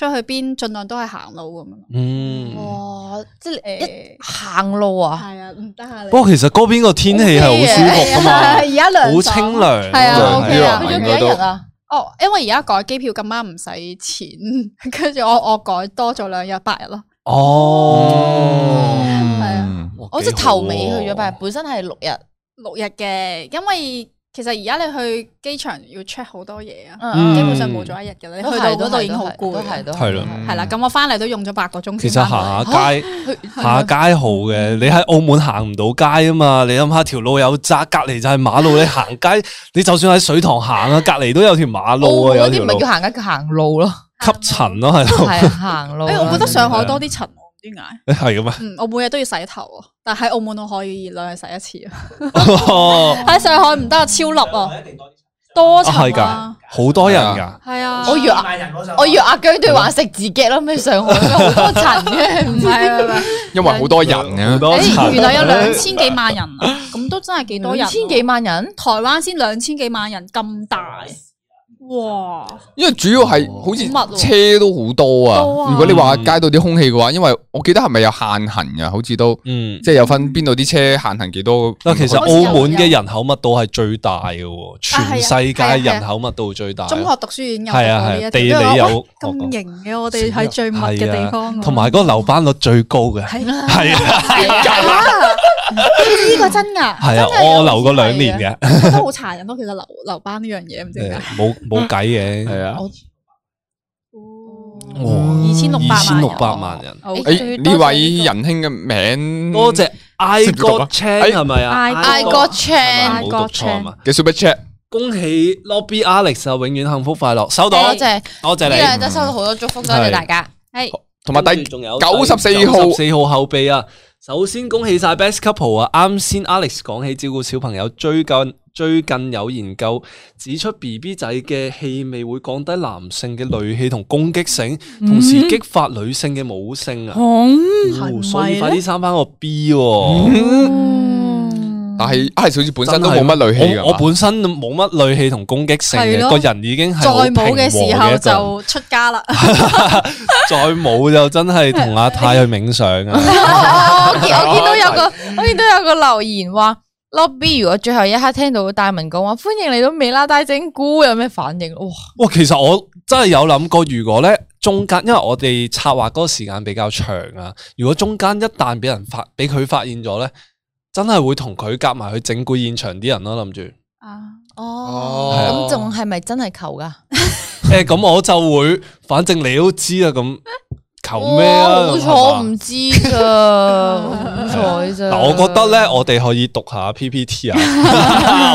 出去邊盡量都係行路咁樣，嗯，哇，即係誒行路啊，係啊，唔得閒。不過其實嗰邊個天氣係好舒服啊，而家涼爽好清涼，係啊，OK 啊，去咗幾日啊？哦，因為而家改機票咁啱唔使錢，跟住我我改多咗兩日八日咯。哦，係啊，我即係頭尾去咗八日，本身係六日六日嘅，因為。其實而家你去機場要 check 好多嘢啊，嗯、基本上冇咗一日嘅咧，你去到嗰度已經好攰，係咯，係啦。咁、嗯、我翻嚟都用咗八個鐘。其實行下街，下、啊、街好嘅。你喺澳門行唔到街啊嘛，你諗下條路有窄，隔籬就係馬路，你行街，啊、你就算喺水塘行啊，隔籬都有條馬路啊。澳門嗰啲唔係叫行街，叫行路咯。吸塵咯、啊，係咯。係啊行路。 哎，我覺得上海多啲塵。點解？你係噶嘛？嗯，我每日都要洗頭啊，但係喺澳門我可以兩日洗一次啊。喺上海唔得啊，超笠哦，多塵噶，好多人噶。係啊，我約阿，我約阿嬌都要食自己咯。咩上海好多塵嘅？唔係啊，因為好多人啊，好多塵。原來有兩千幾萬人啊，咁都真係幾多人？千幾萬人？台灣先兩千幾萬人咁大。哇！因為主要係好似車都好多啊。如果你話街道啲空氣嘅話，因為我記得係咪有限行啊，好似都，嗯，即係有分邊度啲車限行幾多。嗱，其實澳門嘅人口密度係最大嘅，全世界人口密度最大。中學讀書院有，係啊係啊，地理有。咁型嘅我哋係最密嘅地方。同埋嗰個留班率最高嘅，係啊係啊，呢個真噶。係啊，我留過兩年嘅，都好殘忍咯。其實留留班呢樣嘢唔知冇冇。冇計嘅，係啊，哦，二千六百二千六百萬人，誒，呢位仁兄嘅名，多謝 Igor Chan 係咪啊？Igor Chan，冇讀錯嘛？嘅 super chat 恭喜 Lobby Alex 啊，永遠幸福快樂，收到，多謝，多謝你，呢兩則收到好多祝福，多謝大家，係，同埋第仲有九十四號四號後備啊。首先恭喜晒 Best Couple 啊！啱先 Alex 講起照顧小朋友，最近最近有研究指出，B B 仔嘅氣味會降低男性嘅戾氣同攻擊性，嗯、同時激發女性嘅母性啊！所以快啲生返個 B 喎、哦。嗯嗯但係，啊，小豬本身都冇乜戾氣噶。我本身冇乜戾氣同攻擊性嘅，的個人已經係再冇嘅時候就出家啦。再 冇 就真係同阿泰去冥想啊 我見到有個，我見到有個留言話，LokB 如果最後一刻聽到大文講話歡迎嚟到微辣大整蠱，有咩反應？哇！哇！其實我真係有諗過，如果咧中間，因為我哋策劃嗰個時間比較長啊，如果中間一旦俾人發，俾佢發現咗咧。真係會同佢夾埋去整蠱現場啲人咯，諗住啊，哦，咁仲係咪真係求噶？誒， 咁、 嗯、我就會，反正你都知啦，咁求咩、啊？冇錯，我唔知咋，錯咋。嗱，我覺得咧，我哋可以讀下 PPT 啊。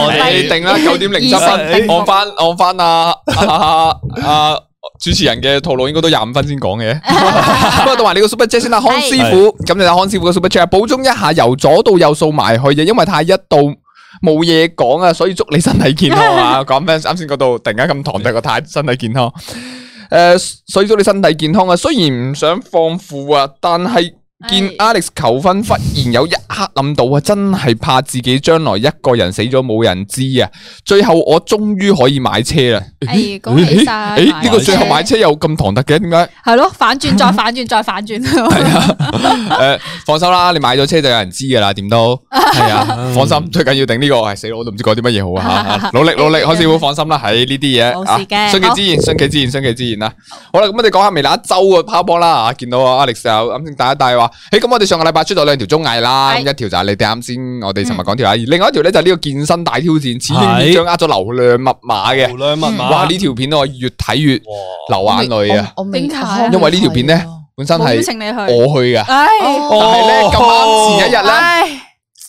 我哋定啦，九點零七分，我翻我翻啊。阿、啊主持人嘅套路應該都廿五分先講嘅，咁啊，讀埋你個 Super Chat 先啦，康師傅，咁你阿康師傅個 Super Chat，補充一下，由左到右掃埋，因為因為太一度冇嘢講啊，所以祝你身體健康啊，講返啱先嗰度，突然間咁堂得個太身體健康，誒、呃，所以祝你身體健康啊，雖然唔想放負啊，但係。見 Alex 求婚，忽然有一刻諗到啊，真係怕自己將來一個人死咗冇人知啊！最後我終於可以買車啦。哎，講起身，哎，呢個最後買車又咁唐突嘅，點解？係咯，反轉再反轉再反轉。係啊，誒，放心啦，你買咗車就有人知噶啦，點都係啊，放心，最緊要定呢個係死佬，我都唔知講啲乜嘢好啊吓，努力努力，開始好，放心啦，喺呢啲嘢，冇事嘅，順其自然，順其自然，順其自然啦。好啦，咁我哋講下未來一周嘅跑波啦啊！見到啊 Alex 又啱先帶一帶話。誒，咁我哋上個禮拜出咗兩條綜藝啦，一條就係你哋啱先我哋尋日講條阿，而另外一條咧就呢個健身大挑戰，成功掌握咗流量密碼嘅，流量密碼，哇！呢條片我越睇越流眼淚啊，我未，因為呢條片咧本身係，邀請你去，我去嘅，但係咧咁啱前一日咧，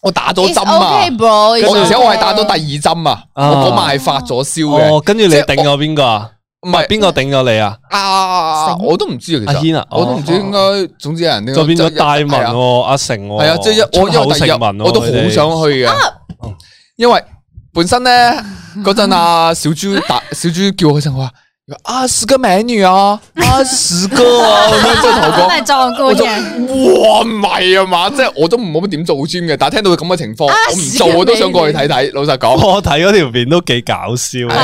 我打咗針啊，我跟住我係打咗第二針啊，我嗰晚係發咗燒嘅，跟住你頂咗邊個？唔係邊個頂咗你啊？啊，我都唔知，其實我都唔知應該，總之有人就變咗大文阿成係啊，即係我因為第二日我都好想去嘅，因為本身咧嗰陣阿小朱，打小朱叫我一聲話。阿十個美女啊，阿十哥啊，即係頭光，賣妝過嘅。哇，唔係呀嘛，即係我都冇乜點做 gym 嘅，但係聽到佢咁嘅情況，我唔做我都想過去睇睇。老實講，我睇嗰條片都幾搞笑啊，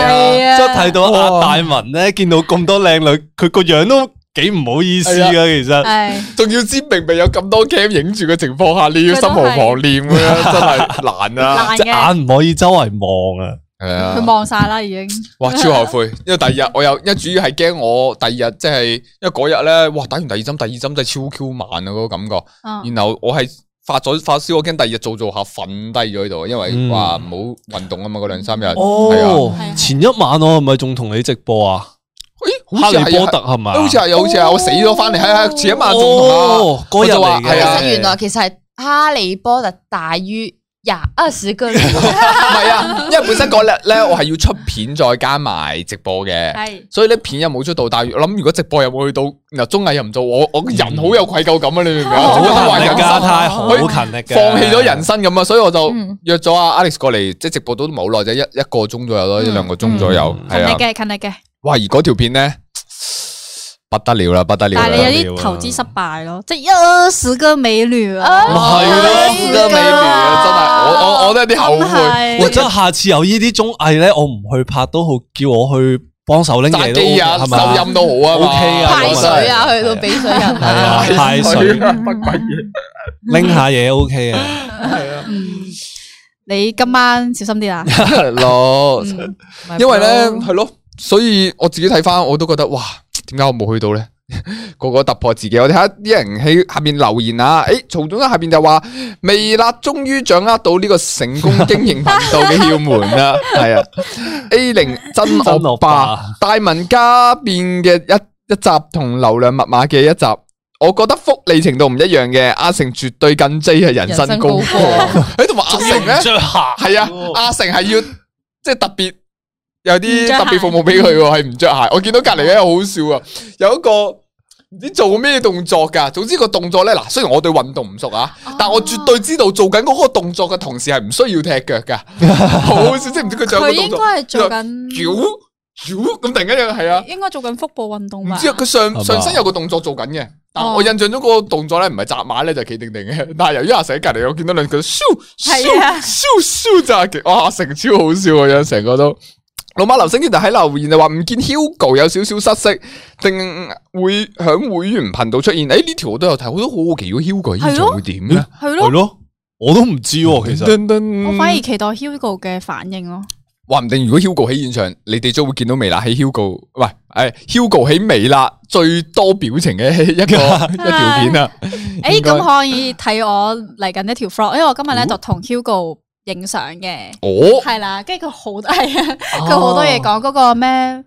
即係睇到大文咧，見到咁多靚女，佢個樣都幾唔好意思啊。其實，仲要知明明有咁多 cam 影住嘅情況下，你要心無旁念嘅，真係難啊！隻眼唔可以周圍望啊。係啊，佢望晒啦已經。哇，超後悔，因為第二日我又，一主要係驚我第二日即係，因為嗰日咧，哇打完第二針，第二針真係超 Q 慢啊嗰個感覺。然後我係發咗發燒，我驚第二日做做下瞓低咗喺度，因為哇唔好運動啊嘛，嗰兩三日。係啊，前一晚我係咪仲同你直播啊？誒，哈利波特係咪？好似係，好似係，我死咗翻嚟，係係前一晚仲同啦，嗰日嚟嘅。原來其實係哈利波特大於。廿二十個月唔係啊，因為本身日咧我係要出片再加埋直播嘅，係，所以呢片又冇出到。但係我諗如果直播又冇去到，嗱綜藝又唔做，我我人好有愧疚感啊！你明唔明啊？好嘆你家太好勤力嘅，放棄咗人生咁啊！所以我就約咗阿 Alex 過嚟，即係直播都冇耐啫，一一個鐘左右咯，一兩個鐘左右，係啊，勤力嘅，勤力嘅。哇！而嗰條片咧～不得了啦，不得了！但係你有啲投資失敗咯，即係一時個美女啊，唔係咯，二十美女啊，真係，我我我都有啲後悔！即係下次有呢啲綜藝咧，我唔去拍都好，叫我去幫手拎嘢都係嘛，收音都好啊，O K 啊，派水啊，去到俾水人，係啊，派水不鬼！嘅，拎下嘢 O K 嘅，係啊，你今晚小心啲啦，咯，因為咧係咯，所以我自己睇翻我都覺得哇。啱我冇去到咧，個個突破自己。我哋睇下啲人喺下面留言啊！誒、欸，曹總喺下邊就話微辣，終於掌握到呢個成功經營頻道嘅竅門啦。係啊 ，A 零真惡霸大文加變嘅一一集同流量密碼嘅一集，我覺得福利程度唔一樣嘅。阿成絕對近 J 係人生高光，同埋阿成着鞋，係啊，阿成係要即係、就是、特別。有啲特別服務俾佢喎，係唔着鞋。我見到隔籬咧，好好笑啊！有一個唔知做咩動作噶，總之個動作咧，嗱，雖然我對運動唔熟啊，哦、但我絕對知道做緊嗰個動作嘅同時係唔需要踢腳噶，好、哦、好笑，即係唔知佢做咩動作。佢應該係做緊。咁、嗯呃、突然間，係啊，應該做緊腹部運動。嘛？之後，佢上上身有個動作做緊嘅，是是但我印象中個動作咧唔係扎馬咧，就企定定嘅。但係由於阿成隔籬，我見到兩句。咻咻咻咻扎哇，成超好笑樣成個都。老馬劉星就喺留言就話唔見 Hugo 有少少失色，定會響會員頻道出現？誒、哎，呢條我都有睇，我都好奇如果 Hugo 喺現場會點咧？係咯、欸，我都唔知其實。噔噔噔噔我反而期待 Hugo 嘅反應咯。話唔定如果 Hugo 喺現場，你哋再會見到微辣喺 Hugo，喂，誒、哎、，Hugo 喺微辣最多表情嘅一個 一條片啊！誒、哎，咁該、哎、可以睇我嚟緊一條 Vlog 因為我今日咧、嗯、就同 Hugo。影相嘅，哦，係啦，跟住佢好多，係、那、啊、個，佢好多嘢講。嗰、那個咩誒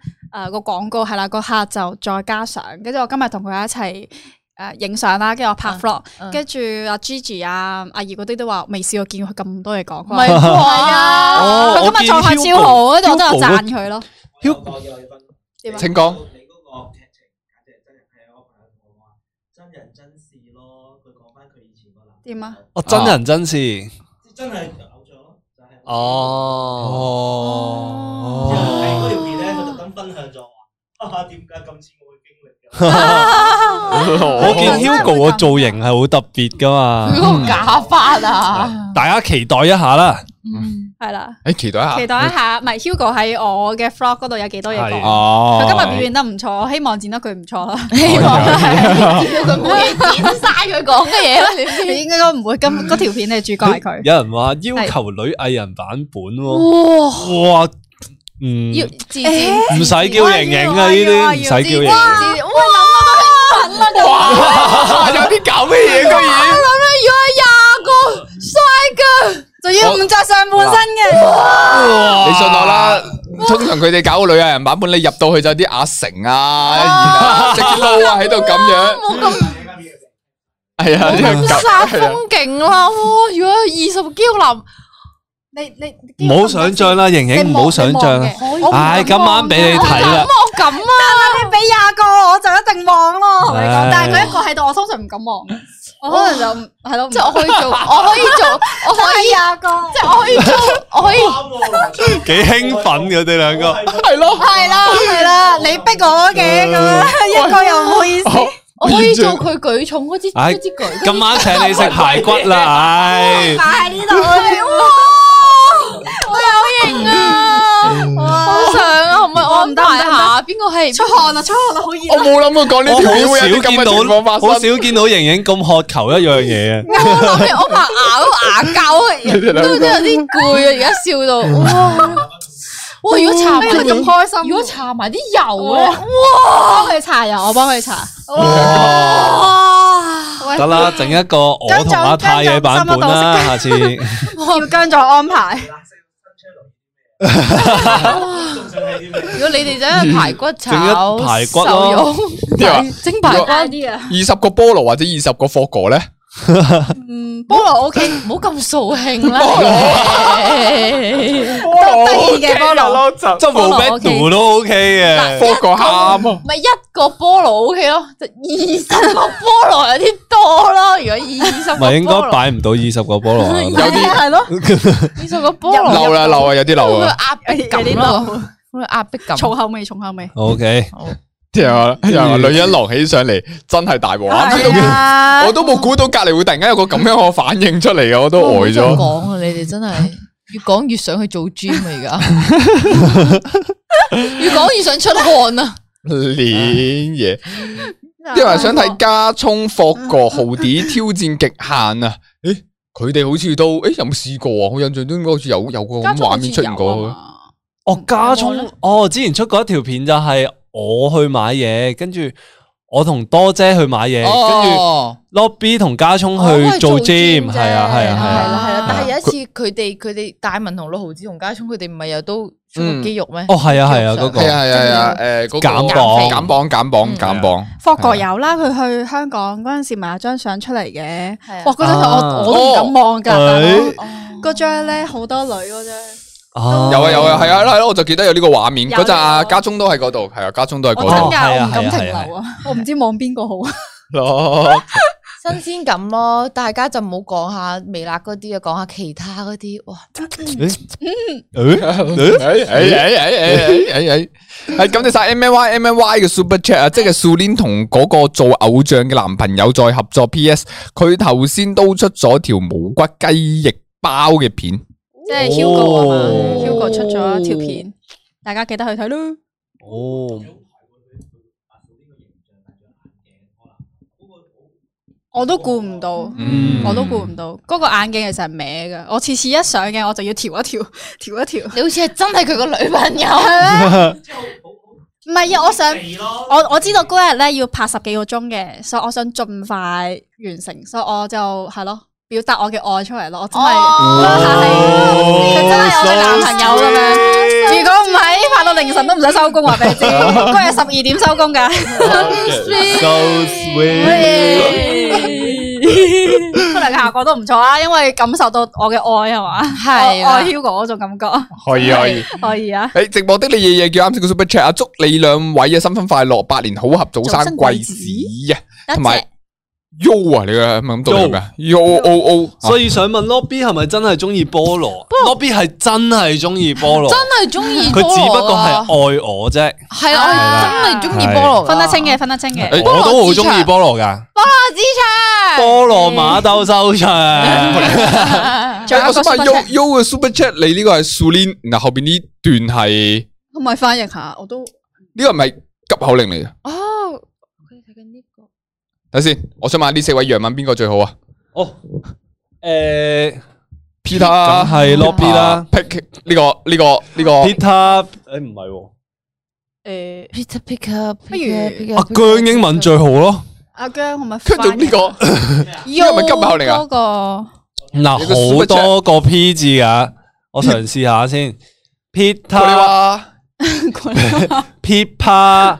個廣告係啦，那個客就再加上。跟住我今日同佢一齊誒影相啦，跟住我拍 vlog、嗯。跟、嗯、住阿 Gigi 啊，阿儀嗰啲都話未試過見過佢咁多嘢講，唔係啊，佢今日狀態超好，嗰度都有讚佢咯。點啊？請講。點啊、哦？我真，真人真事。真係。真哦，之後喺嗰條片咧，佢特登分享咗話：啊，點解咁似我嘅經歷㗎？我見 Hugo 嘅造型係好特別㗎嘛，嗰個假髮啊！ 大家期待一下啦～ 係啦，期待一下，期待一下，唔係 Hugo 喺我嘅 Vlog 嗰度有幾多嘢講？佢今日表現得唔錯，希望剪得佢唔錯。希望都係，唔會剪晒佢講嘅嘢咯。你你應該唔會今嗰條片嘅主角係佢。有人話要求女藝人版本喎，哇哇，唔要唔使叫瑩瑩啊，呢啲唔使叫瑩瑩。哇諗我都蠢啊，有啲搞咩嘢居然？我諗咗有廿個帥哥。仲要唔着上半身嘅，你信我啦。通常佢哋搞女藝人版本，你入到去就啲阿成啊、織布啊喺度咁樣，冇咁，啲格係啦。殺風景啦，哇！如果二十嬌林。你你唔好想象啦，盈盈唔好想象，唉，今晚俾你睇啦。咁我敢啊！你俾廿個我就一定望咯。但係佢一個喺度，我通常唔敢望，我可能就係咯。即係我可以做，我可以做，我可以廿個，即係我可以做，我可以。幾興奮佢哋兩個，係咯。係啦係啦，你逼我嘅咁，一個又唔可以，我可以做佢舉重嗰支嗰支舉。今晚請你食排骨啦，唉，喺呢度。啊！好想啊，唔係我唔得閒下，邊個係出汗啊？出汗啊好熱。我冇諗過講呢啲，我好少見到，我好少見到瑩瑩咁渴求一樣嘢啊！我諗住我怕咬牙膠，都都有啲攰啊！而家笑到哇！如果擦，如果咁開心，如果擦埋啲油啊，哇！幫佢擦油，我幫佢擦。哇！得啦，整一個我同阿泰嘅版本啦，下次要薑在安排。 如果你哋整排骨炒瘦肉，蒸排骨啲啊，二十個菠蘿或者二十個火果咧？嗯，菠蘿 O K，唔好咁掃興啦。菠蘿，得意嘅菠蘿咯，就冇咩賭咯，都 O K 嘅。八個啱啊，唔係一個菠蘿 O K 咯，即係二十個菠蘿有啲多咯。如果二十唔係應該擺唔到二十個菠蘿，有啲係咯。二十個菠蘿流啦，流啊，有啲流啊，壓迫感咯，壓迫感。重口味，重口味。O K。聽啊，女人浪起上嚟真係大鑊，我都冇，估到隔籬會突然間有個咁樣嘅反應出嚟嘅，我都呆咗。講啊， 你哋真係越講越想去做 gym 啊，而家越講越想出汗啊，捻嘢、啊。又話、啊、想睇家聰霍國豪啲挑戰極限啊？誒、欸，佢哋好似都誒、欸、有冇試過啊？我印象中嗰個有有，有個咁畫面出現過。家有有啊、哦，家聰哦，之前出過一條片就係、是。我去買嘢，跟住我同多姐去買嘢，跟住哦 LokB 同家聰去做 gym，係啊係啊係啊，但係有一次佢哋佢哋戴文同老豪子同家聰，佢哋唔係又都做肌肉咩？哦係啊係啊嗰個係啊係啊誒減磅減磅減磅減磅，霍國有啦，佢去香港嗰陣時買咗張相出嚟嘅，哇嗰張我我都唔敢望噶，嗰張咧好多女嗰張。Oh, 有啊有啊，係啊，咯，我就記得有呢個畫面嗰陣啊，家聰都喺嗰度，係啊，家聰都喺嗰度，係啊，係啊，我唔知望邊個好啊， 新鮮感咯，大家就唔好講下微辣嗰啲啊，講下其他嗰啲，哇，欸、嗯，係感謝晒 M NY、嗯、m Y M m Y 嘅 Super Chat 啊、欸，即係 Sulin 同嗰個做偶像嘅男朋友再合作，P S，佢頭先都出咗條冇骨雞翼包嘅片。即係 Hugo 啊嘛，Hugo 出咗條片，oh, 大家記得去睇咯。哦，我都估唔到，我都估唔到，嗰個眼鏡其實係歪嘅。我次次一上鏡，我就要調一調，調一調。 你好似係真係佢個女朋友，係咪？唔係啊，我想我我知道嗰日咧要拍十幾個鐘嘅，所以我想盡快完成，所以我就係咯。Hello? 表達我嘅愛出嚟咯，我真係，呢個真係我嘅男朋友咁樣。如果唔係，拍到凌晨都唔使收工啊！平時今日十二點收工噶，So sweet，So sweet，出嚟嘅效果都唔錯啊！因為感受到我嘅愛係嘛，係愛 hug 嗰種感覺，可以可以可以啊！誒，直播的你夜夜叫啱先，Super Chat，祝你兩位啊，新婚快樂，百年好合，早生貴子啊，同埋。U 啊，你個咁到係咩？U O O，所以想問 LokB 係咪真係中意菠蘿？LokB 係真係中意菠蘿，真係中意。佢只不過係愛我啫。係啊，我真係中意菠蘿，分得清嘅，分得清嘅。我都好中意菠蘿噶，菠蘿之長，菠蘿馬兜搜出。我先話 U U 嘅 super chat，你呢個係 Sulin 然後邊呢段係同埋翻譯下，我都呢個係咪急口令嚟嘅？睇先，我想問下呢四位英文邊個最好啊？哦，誒，Peter 係 lobby 啦 pick 呢個呢個呢個 Peter，誒唔係喎，誒，Peter Pick Up，不如阿姜英文最好咯，阿姜同埋，佢做呢個，因為係咪今日後嚟噶，嗱，好多個 P 字噶，我嘗試下先，Peter，琵琶，琵琶。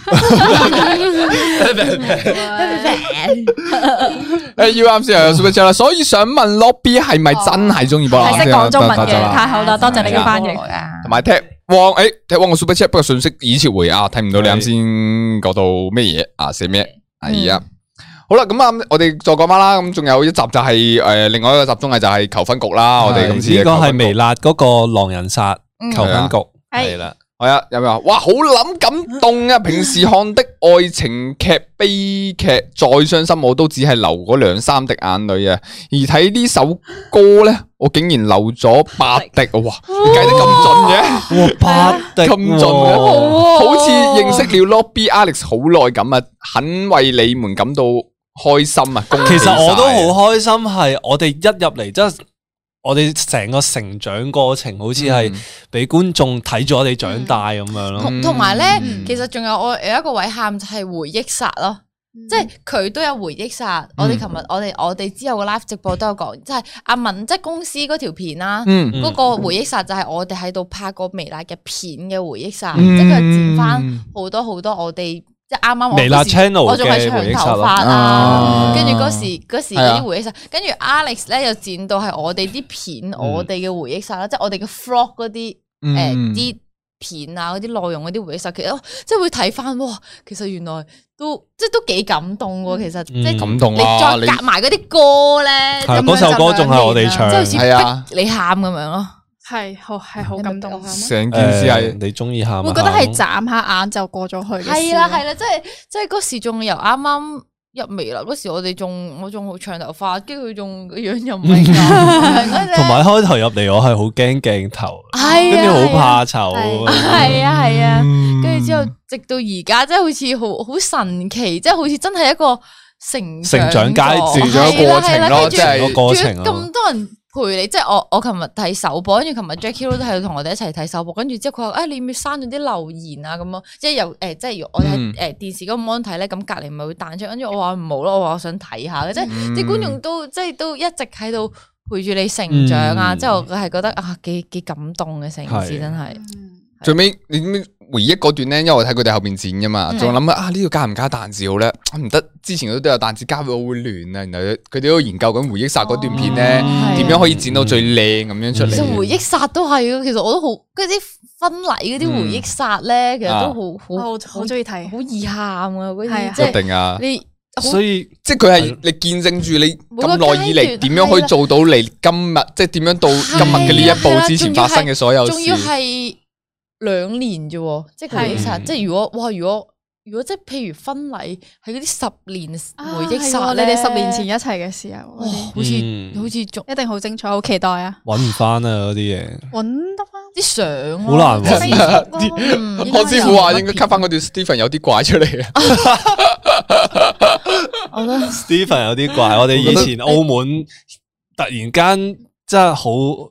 誒，啱先又有 super chat 啦，所以想問 LokB 係咪真係中意波？係識講中文嘅，太好啦，多謝你嘅翻譯。同埋踢 a 踢旺，誒，Tat 旺我 super chat，不過信息已撤回剛剛啊，睇唔到你啱先講到咩嘢啊，寫咩？哎呀，好啦，咁啊，我哋再講翻啦，咁仲有一集就係、是、誒，另外一個集中係就係求婚局啦，我哋今次呢個係微辣嗰個狼人殺求婚局係啦。係啊！有冇啊？哇，好諗感動啊！平時看的愛情劇悲劇再傷心，我都只係流嗰兩三滴眼淚啊。而睇呢首歌咧，我竟然流咗八滴！哇，點解得咁準嘅，八滴咁準嘅，好似認識了 LokB Alex 好耐咁啊！很為你們感到開心啊！其實我都好開心，係我哋一入嚟真係。我哋成個成長過程，好似係俾觀眾睇咗我哋長大咁樣咯。同埋咧，其實仲有我有一個遺憾就係、是、回憶殺咯，嗯、即係佢都有回憶殺、嗯。我哋琴日，我哋我哋之後嘅 live 直播都有講，即係阿文即係公司嗰條片啦，嗰、嗯、個回憶殺就係我哋喺度拍過微辣嘅片嘅回憶殺，嗯、即係佢剪翻好多好多我哋。即係啱啱我,我，我仲係長頭髮啦。啊、跟住嗰時嗰時啲回憶晒，嗯、跟住 Alex 咧又剪到係我哋啲片，我哋嘅回憶晒啦，即係、嗯、我哋嘅 Vlog 嗰啲誒啲片啊，嗰啲內容嗰啲回憶晒。其實即係會睇翻，哇！其實原來都即係都幾感動嘅，其實、嗯、即係感動你再夾埋嗰啲歌咧，嗰首歌仲係我哋唱，即係好似逼你喊咁樣咯。係好係好感動，成件事係你中意喊。我覺得係眨下眼就過咗去。係啦係啦，即係即係嗰時仲由啱啱入微啦，嗰時我哋仲我仲好長頭髮，跟住佢仲個樣又唔係咁。同埋開頭入嚟我係好驚鏡頭，跟住好怕醜。係啊係啊，跟住之後直到而家，即係好似好好神奇，即係好似真係一個成成長階段過程咯，一個過程。咁多人。陪你即係我我琴日睇首播，跟住琴日 Jackie 都喺度同我哋一齊睇首播，跟住之後佢話啊，你咪唔刪咗啲留言啊咁咯，即係又誒即係我喺誒電視嗰個 mon 睇咧，咁隔籬咪會彈出，跟住我話唔好咯，我話我想睇下嘅。嗯、即係啲觀眾都即係都一直喺度陪住你成長啊，之後佢係覺得啊幾幾感動嘅成件事真係，嗯、的最尾你回憶嗰段咧，因為我睇佢哋後邊剪噶嘛，仲諗啊啊呢個加唔加彈字好咧？唔得，之前都有彈子加到好亂啊。然後佢哋都研究緊回憶殺嗰段片咧，點樣可以剪到最靚咁樣出嚟？回憶殺都係，其實我都好，嗰啲婚禮嗰啲回憶殺咧，其實都好，好好中意睇，好易喊啊！嗰啲即係你，所以即係佢係你見證住你咁耐以嚟，點樣可以做到你今日？即係點樣到今日嘅呢一步之前發生嘅所有事，仲要係。兩年啫，即係回憶即係如果，哇！如果如果即係譬如婚禮，喺嗰啲十年回憶殺你哋十年前一齊嘅時候，哇，好似好似仲一定好精彩，好期待啊！搵唔翻啊嗰啲嘢，搵得翻啲相，好難搵。我師傅話應該 cut 翻嗰段 Stephen 有啲怪出嚟啊！Stephen 有啲怪，我哋以前澳門突然間真係好。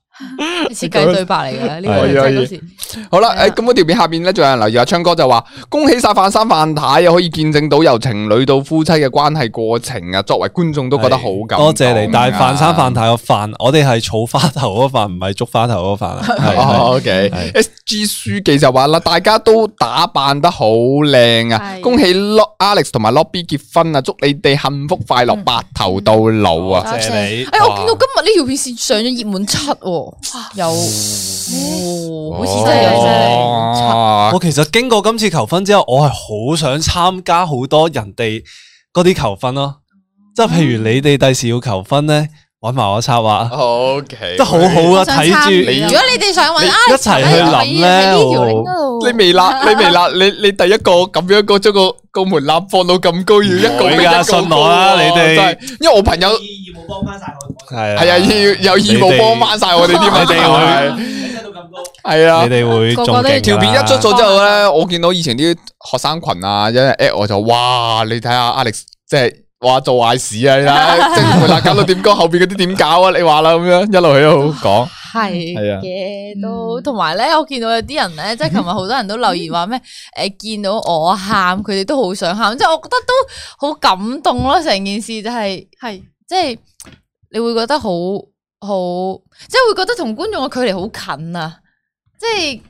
設 計對白嚟嘅呢個仔，好啦，誒，咁嗰條片下邊咧，仲有人留言，阿昌哥就話：恭喜晒范生范太又可以見證到由情侶到夫妻嘅關係過程啊！作為觀眾都覺得好感動多謝，謝你，但係范生范太個范，我哋係草花頭嗰范，唔係竹花頭嗰範 OK s, SG 書記就話啦，大家都打扮得好靚啊，的恭喜 Lok Alex 同埋 LokB 結婚啊，祝你哋幸福快樂，白頭到老啊！嗯、謝你，謝你謝、哎。我見到今日呢條片線上咗熱門七、啊。有、欸、好似真係哇真，真我其實經過今次求婚之後，我係好想參加好多人哋嗰啲求婚咯，即係譬如你哋第時要求婚咧。搵埋我插畫，OK，都好好啊！睇住你，如果你哋想搵 Alex，一齊去諗咧，你未立，你未立，你你第一個咁樣一個將個個門檻放到咁高，要一個信我啊！你哋真係，因為我朋友義務幫翻晒我，係啊，係啊，要有義務幫翻晒我哋啲咪就係，睇到咁多，係啊，你哋會個個都條片一出咗之後咧，我見到以前啲學生群啊，一 at 我就哇，你睇下 Alex，即係。話做壞事啊，正嗱搞到點講，後邊嗰啲點搞啊？你話啦咁樣，一路喺度講係，係啊， 都同埋咧，我見到有啲人咧，即係琴日好多人都留言話咩？誒、 呃，見到我喊，佢哋都好想喊，即係我覺得都好感動咯。成件事就係、係、係，即係、 就係、你會覺得好好，即係會覺得同觀眾嘅距離好近啊，即係。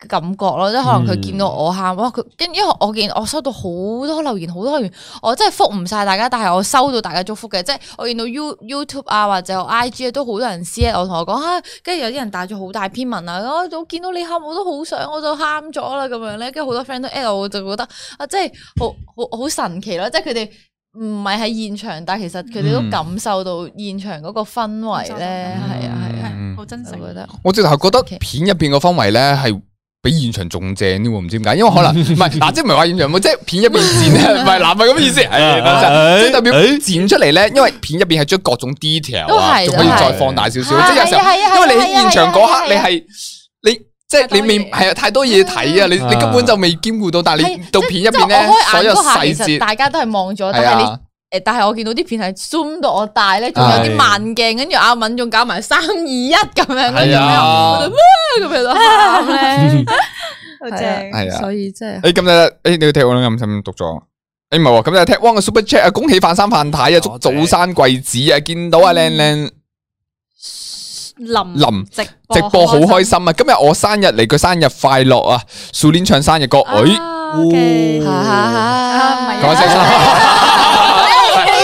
感覺咯，即係可能佢見到我喊，哇、嗯！佢跟住，因為我見我收到好多留言，好多留言，我真係覆唔晒大家，但係我收到大家祝福嘅，即係我見到 You YouTube 啊，或者 IG 咧、啊、都好多人私我，同我講吓，跟住有啲人打咗好大篇文啊，我見到你喊，我都好想，我就喊咗啦咁樣咧，跟住好多 friend 都 L，我，我就覺得啊，即係好好好神奇咯，即係佢哋唔係喺現場，但係其實佢哋都感受到現場嗰個氛圍咧，係、嗯、啊，係、嗯、啊，好、啊啊啊、真實。我覺得我直頭覺得片入邊個氛圍咧係。比現場仲正啲喎，唔知點解，因為可能唔係嗱，即係唔係話現場即係片入邊剪，唔係嗱，係咁嘅意思，即係代表剪出嚟咧，因為片入邊係將各種 detail 啊，仲可以再放大少少，即係有時候，因為你喺現場嗰刻，你係你即係你未，係啊太多嘢睇啊，你你根本就未兼顧到，但係你到片入邊咧所有細節，大家都係望咗，但係但係我見到啲片係 zoom 到我大咧，仲有啲慢鏡，跟住阿敏仲搞埋三二一咁樣，跟住咩？我咁樣咯，係啊，所以即係。誒，今日誒，你聽我諗諗，想唔讀咗？誒，唔係，咁就聽 one 嘅 Super Chat 啊，恭喜范生范太啊，祝早生貴子啊！見到阿靚靚林林直直播好開心啊！今日我生日嚟，佢生日快樂啊！Sulin 唱生日歌，誒，講聲。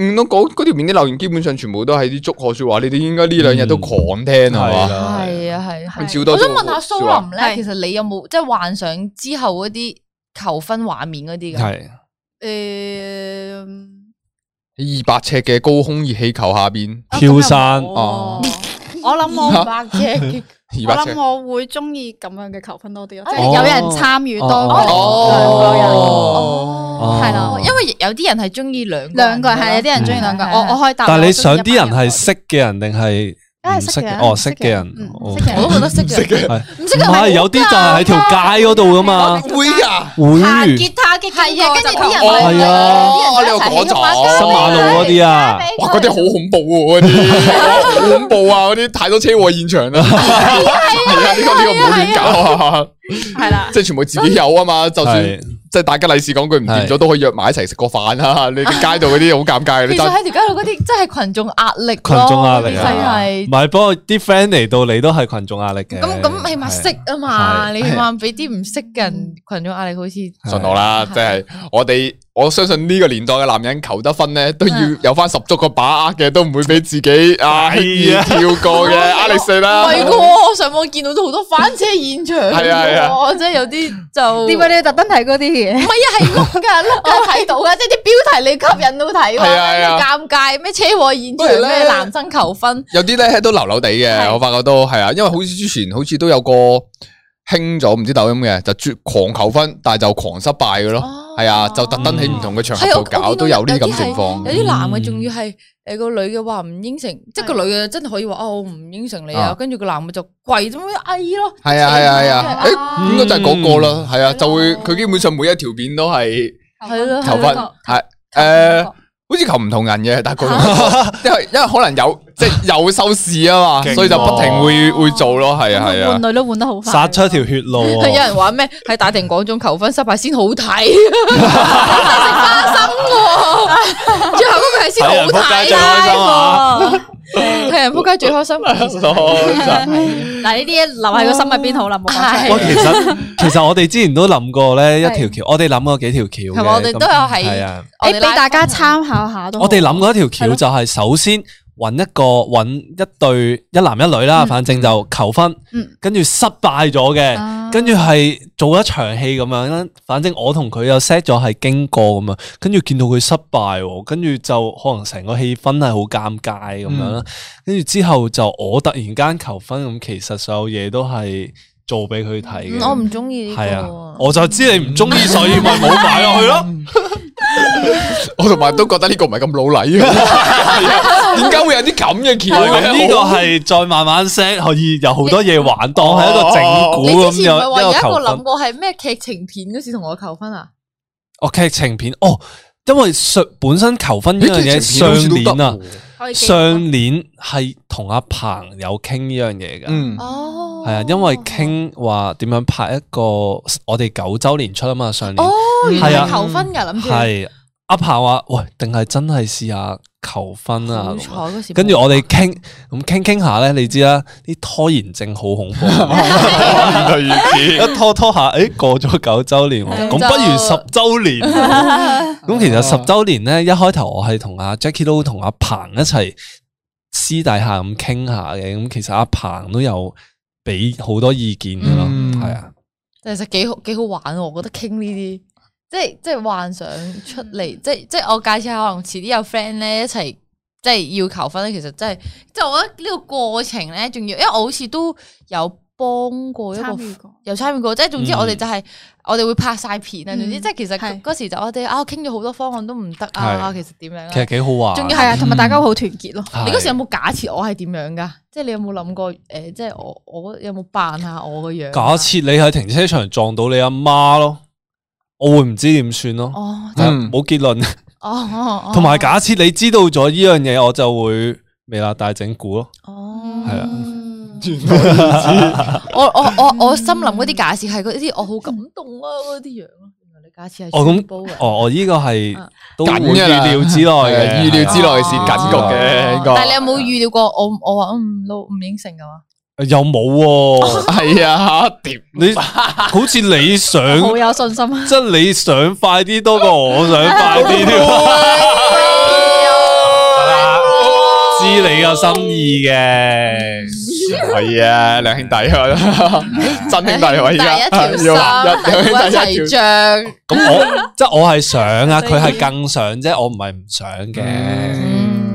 嗯，我嗰條片啲留言基本上全部都係啲祝賀說話，你哋應該呢兩日都狂聽係嘛？係啊，係係。我想問下蘇林咧，其實你有冇即係幻想之後嗰啲求婚畫面嗰啲噶？係。誒、呃，二百尺嘅高空熱氣球下邊跳傘，啊 oh, 我諗二百尺，我諗我會中意咁樣嘅求婚多啲咯，即係、哦、有人參與多，兩個人。係咯，因為有啲人係中意兩兩個，係有啲人中意兩個。我我可以答但係你想啲人係識嘅人定係識嘅，哦識嘅人，我都覺得識嘅，唔識嘅。係有啲就喺條街嗰度噶嘛，會啊會。吉他嘅係啊，跟住啲人係啊，呢個講錯，新馬路嗰啲啊，哇嗰啲好恐怖喎，嗰啲好恐怖啊，嗰啲太多車禍現場啦。係啊，呢個呢個唔好亂搞，係啦，即係全部自己有啊嘛，就算。即係大家利是講句唔掂咗，都可以約埋一齊食個飯啦。你哋街道嗰啲好尷尬。其實喺條街道嗰啲，真係群眾壓力。群眾壓力係咪？唔係，不過啲 friend 嚟到你都係群眾壓力嘅。咁咁起碼識啊嘛，你話俾啲唔識嘅人群眾壓力，好似信我啦。即係我哋我相信呢個年代嘅男人求得分咧，都要有翻十足個把握嘅，都唔會俾自己啊輕易跳過嘅壓力四啦。唔係我上網見到都好多翻車現場。係啊係啊，真係有啲就點解你特登睇嗰啲？唔係啊，係碌噶，碌 我睇到噶， 即係啲標題你吸引到睇，咩、 啊、尷尬，咩車禍現場，咩呢男生求婚，有啲咧都流流地嘅，的我發覺都係啊，因為好似之前好似都有個。輕咗唔知抖音嘅就絕狂求婚，但係就狂失敗嘅咯，係啊，就特登喺唔同嘅場合度搞都有呢啲咁情況，有啲男嘅仲要係誒個女嘅話唔應承，即係個女嘅真係可以話啊我唔應承你啊，跟住個男嘅就跪咗咁樣跪咯，係啊係啊係啊，誒應該就係嗰個啦，係啊就會佢基本上每一條片都係求婚係誒，好似求唔同人嘅，但係因為因為可能有。即係有收視啊嘛，所以就不停會會做咯，係啊係啊，換女都換得好快，殺出條血路。有人話咩？喺大庭廣眾求婚失敗先好睇，食花生。最後嗰個係先好睇啊！係人撲街最開心啊！係人撲街最開心。嗱，呢啲留喺個心入邊好啦。我其實其實我哋之前都諗過咧，一條橋，我哋諗過幾條橋。係我哋都有係啊。誒，俾大家參考下都。我哋諗過一條橋，就係首先。揾一個揾一對一男一女啦，反正就求婚，跟住失敗咗嘅，跟住係做一場戲咁樣啦。反正我同佢又 set 咗係經過咁樣，跟住見到佢失敗，跟住就可能成個氣氛係好尷尬咁樣啦。嗯、跟住之後就我突然間求婚，咁其實所有嘢都係做俾佢睇嘅。我唔中意呢個。啊，那個我就知你唔中意，所以咪冇買落去咯。嗯嗯、 我同埋都覺得呢個唔係咁老禮。 點解會有啲咁嘅結局嘅？呢個係再慢慢 set，可以有好多嘢玩，當係一個整蠱咯。你之前唔係話有一個諗過係咩劇情片嗰時同我求婚啊？哦，劇情片哦，因為上本身求婚呢樣嘢，上年啊，上年係同阿鵬有傾呢樣嘢噶。哦，係啊，因為傾話點樣拍一個我哋九周年出啊嘛上年，哦，原來求婚噶諗住係阿鵬話喂，定係真係試下？求婚啊！跟住我哋傾，咁傾傾下咧，你知啦，啲拖延症好恐怖，一 拖拖下，誒、欸，過咗九周年，咁 不如十周年。咁 其實十周年咧，一開頭我係同阿 Jackie Lou 同阿彭一齊私底下咁傾下嘅，咁其實阿彭都有俾好多意見㗎咯，係、嗯、啊。其實幾好幾好玩啊，我覺得傾呢啲。即係即係幻想出嚟，即係即係我介紹下可能遲啲有 friend 咧一齊，即係要求婚咧，其實真係，即係我覺得呢個過程咧，仲要，因為我好似都有幫過一個，有參與過，即係總之我哋就係我哋會拍晒片啊，總之即係其實嗰時就我哋啊傾咗好多方案都唔得啊，其實點樣？其實幾好玩，仲要係啊，同埋大家好團結咯。你嗰時有冇假設我係點樣㗎？即係你有冇諗過誒？即係我我有冇扮下我個樣？假設你喺停車場撞到你阿媽咯。我會唔知點算咯，就冇、是、結論、哦。哦，同埋假設你知道咗呢樣嘢，我就會微辣大整蠱咯。哦，係啊的。 我我我我心諗嗰啲假設係嗰啲我好感動啊嗰啲樣啊。原來你假設係我咁，哦哦，呢個係緊預料之內嘅，預料之內先緊局嘅。啊、但係你有冇預料過我我話唔撈唔應承嘅嘛？又冇喎、啊哎，係啊？點你？好似你想好有信心，即係你想快啲多過我想快啲添、 啊啊。知你個心意嘅，係啊、哎，兩兄弟啊，真兄弟啊，一條心，一齊。咁我即係我係想啊，佢係 更想啫，我唔係唔想嘅。嗯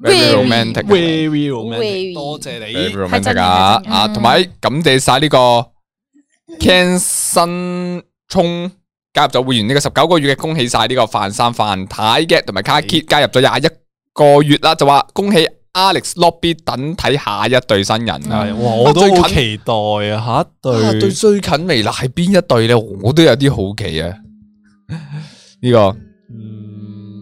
very romantic，very romantic，多謝你，啊，同埋感謝晒呢個 can 新沖加入咗會員呢個十九個月嘅，恭喜晒呢個范生范太嘅，同埋卡 kit 加入咗廿一個月啦，就話恭喜 Alex Lobby 等睇下一對新人啦，嗯，我都好期待下一啊，吓對對最近未啦，係邊一對咧？我都有啲好奇啊，呢個。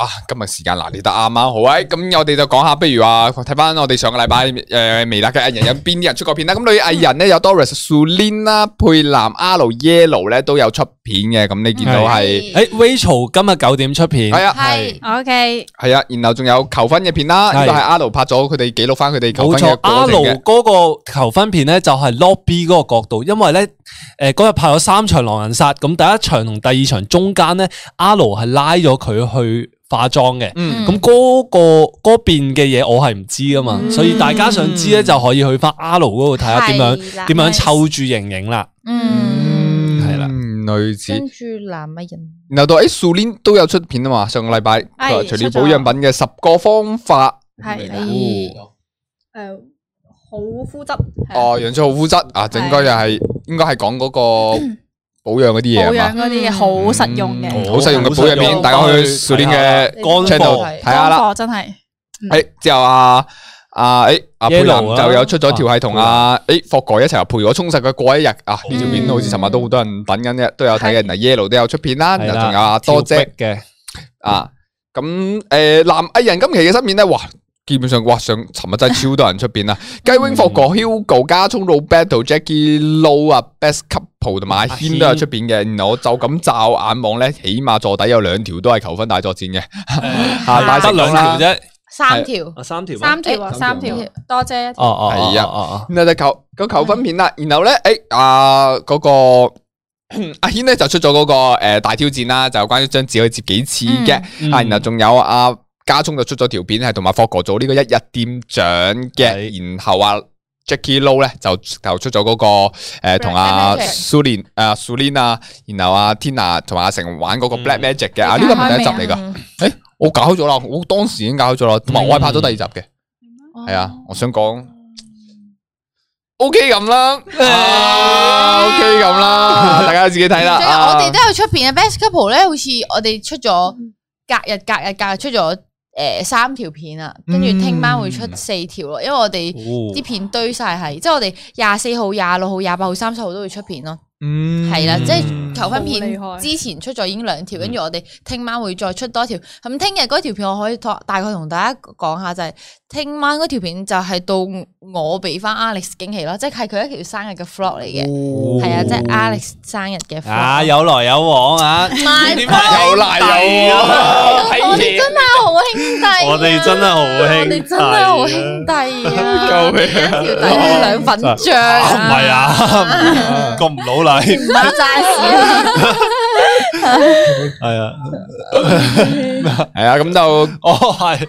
啊，今日時間嗱，嚟得啱啱好喂，咁我哋就講下，不如話睇翻我哋上個禮拜誒未來嘅藝人有邊啲人出過片啦。咁女藝人咧有 Doris Sulin 啦、佩蘭、Alu Yellow 咧都有出片嘅。咁你見到係誒 Rachel 今日九點出片係啊，係 OK 係啊，然後仲有求婚嘅片啦，都係 Alu 拍咗佢哋記錄翻佢哋求婚嘅過程嘅。冇錯，Alu 嗰個求婚片咧就係 lobby 嗰個角度，因為咧誒嗰日拍咗三場狼人殺，咁第一場同第二場中間咧 Alu 係拉咗佢去。化妝嘅，咁嗰個嗰邊嘅嘢我係唔知啊嘛，所以大家想知咧就可以去翻阿盧嗰度睇下點樣點樣湊住瑩瑩啦，嗯係啦類似。住男乜人？然後到誒數 l 都有出片啊嘛，上個禮拜除了保養品嘅十個方法，係誒好膚質哦，楊超好膚質啊，整個又係應該係講嗰個。保養嗰啲嘢，保養嗰啲嘢好實用嘅，好實用嘅保養片，大家去以年嘅 channel 睇下啦，真係。誒，之後阿阿誒阿佩就有出咗條係同阿誒霍哥一齊陪我充實佢過一日啊！呢條片好似尋日都好多人等緊嘅，都有睇嘅。嗱 Yellow 都有出片啦，仲有阿多姐嘅，啊，咁誒，南阿任今期嘅新片咧，哇！基本上，哇！上尋日真係超多人出邊啊！雞 wing 霍哥、Hugo 加聰到 battle、Jackie Low 啊、Best Couple 同埋阿軒都喺出邊嘅。然後我就咁罩眼望咧，起碼座底有兩條都係求婚大作戰嘅，嚇！得兩條啫，三條，三條，三條，三條，多啫。哦哦，係啊，嗱啲求個求婚片啦。然後咧，誒，阿嗰個阿軒咧就出咗嗰個大挑戰啦，就關於張紙可以摺幾次嘅。啊，然後仲有阿。家中就出咗條片，係同埋 four 哥做呢個一日店長嘅，然後啊 Jackie Low 咧就就出咗嗰個誒，同阿 Sulin 阿 Sulin 啊，然後阿 Tina 同阿成玩嗰個 Black Magic 嘅，啊呢個係第一集嚟噶，誒我搞咗啦，我當時已經搞咗啦，同埋我係拍咗第二集嘅，係啊，我想講，OK 咁啦，OK 咁啦，大家自己睇啦，我哋都有出邊嘅 Best Couple 咧，好似我哋出咗隔日隔日隔日出咗。誒、呃，三條片啊，跟住聽晚會出四條咯。嗯、因為我哋啲片堆晒係，哦、即係我哋廿四號、廿六號、廿八號、三十號都會出片咯，係啦、嗯，了即係求婚片之前出咗已經兩條，跟住我哋聽晚會再出多條，咁聽日嗰條片我可以同大概同大家講下就係、是。聽晚嗰條片就係到我俾翻 Alex 驚喜咯，即係佢一條生日嘅 flow 嚟嘅，係啊，即係 Alex 生日嘅。啊，有來有往啊，有禮有禮，我哋真係好兄弟，我哋真係好兄弟，我哋真係好兄弟，救命啊，兄弟兩份賬啊，唔係啊，過唔到禮，唔好齋笑，係啊，係啊，咁就哦係。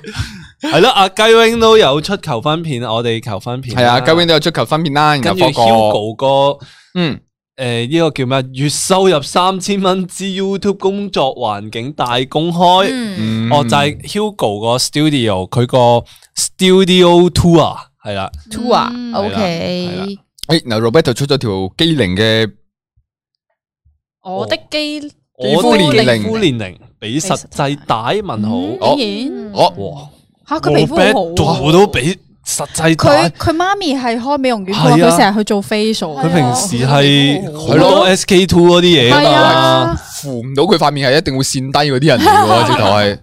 係啦，阿雞 wing 都有出求婚片，我哋求婚片係啊雞 wing 都有出求婚片啦。跟住 Hugo 個，嗯，誒、呃，呢、這個叫咩？月收入三千蚊之 YouTube 工作環境大公開，嗯、哦，就係、是、Hugo 個 Studio，佢個 Studio tour 係啦，tour，OK，誒，嗱、嗯 okay 欸、，Roberto 出咗條機靈嘅，我的機，我的年齡，年齡比實際大問號，我、嗯，然、哦哦。哦。哦吓佢皮膚好好，都比實際。佢佢媽咪係開美容院，佢成日去做 facial。佢平時係係咯 SK-II 嗰啲嘢啊，敷唔到佢塊面係一定會跣低嗰啲人嚟嘅，直頭係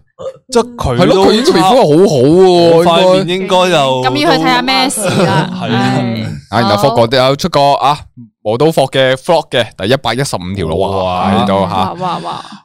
即係佢係咯佢皮膚好好塊面應該就，咁要去睇下咩事啊？係啊，然後出國啲啊，出國啊。我都霍嘅 Vlog 嘅第一百一十五條咯，哇喺度吓，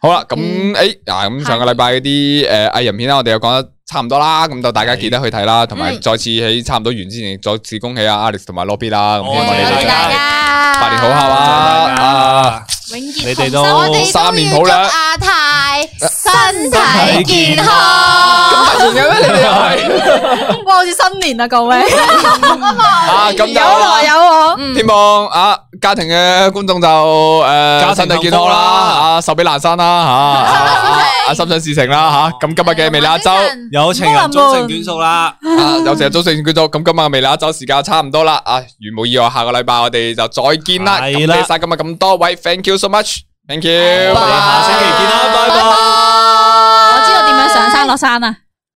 好啦，咁誒，嗱咁上個禮拜啲誒藝人片啦，我哋又講得差唔多啦，咁就大家記得去睇啦，同埋再次喺差唔多完之前，再次恭喜啊 Alice 同埋 LokB 啦，希望你哋大，百年好合啊。永健，我哋都三年抱兩，阿泰，身體健康。咁仲有咩？你哋係，過住新年啦，各位。啊，今日有來有往。希望啊，家庭嘅觀眾就誒，家庭健康啦，啊，壽比南山啦，吓。啊，心想事成啦吓，咁、啊、今日嘅魅力亞洲有情人終成眷屬啦，啊，有情人終成眷屬，咁今日嘅魅力亞洲時間差唔多啦，啊，如無意外，下個禮拜我哋就再見啦，係啦了，謝晒今日咁多位，thank you so much，thank you，我哋下星期見啦，拜拜，拜拜。我知道點樣上山落山啦。哎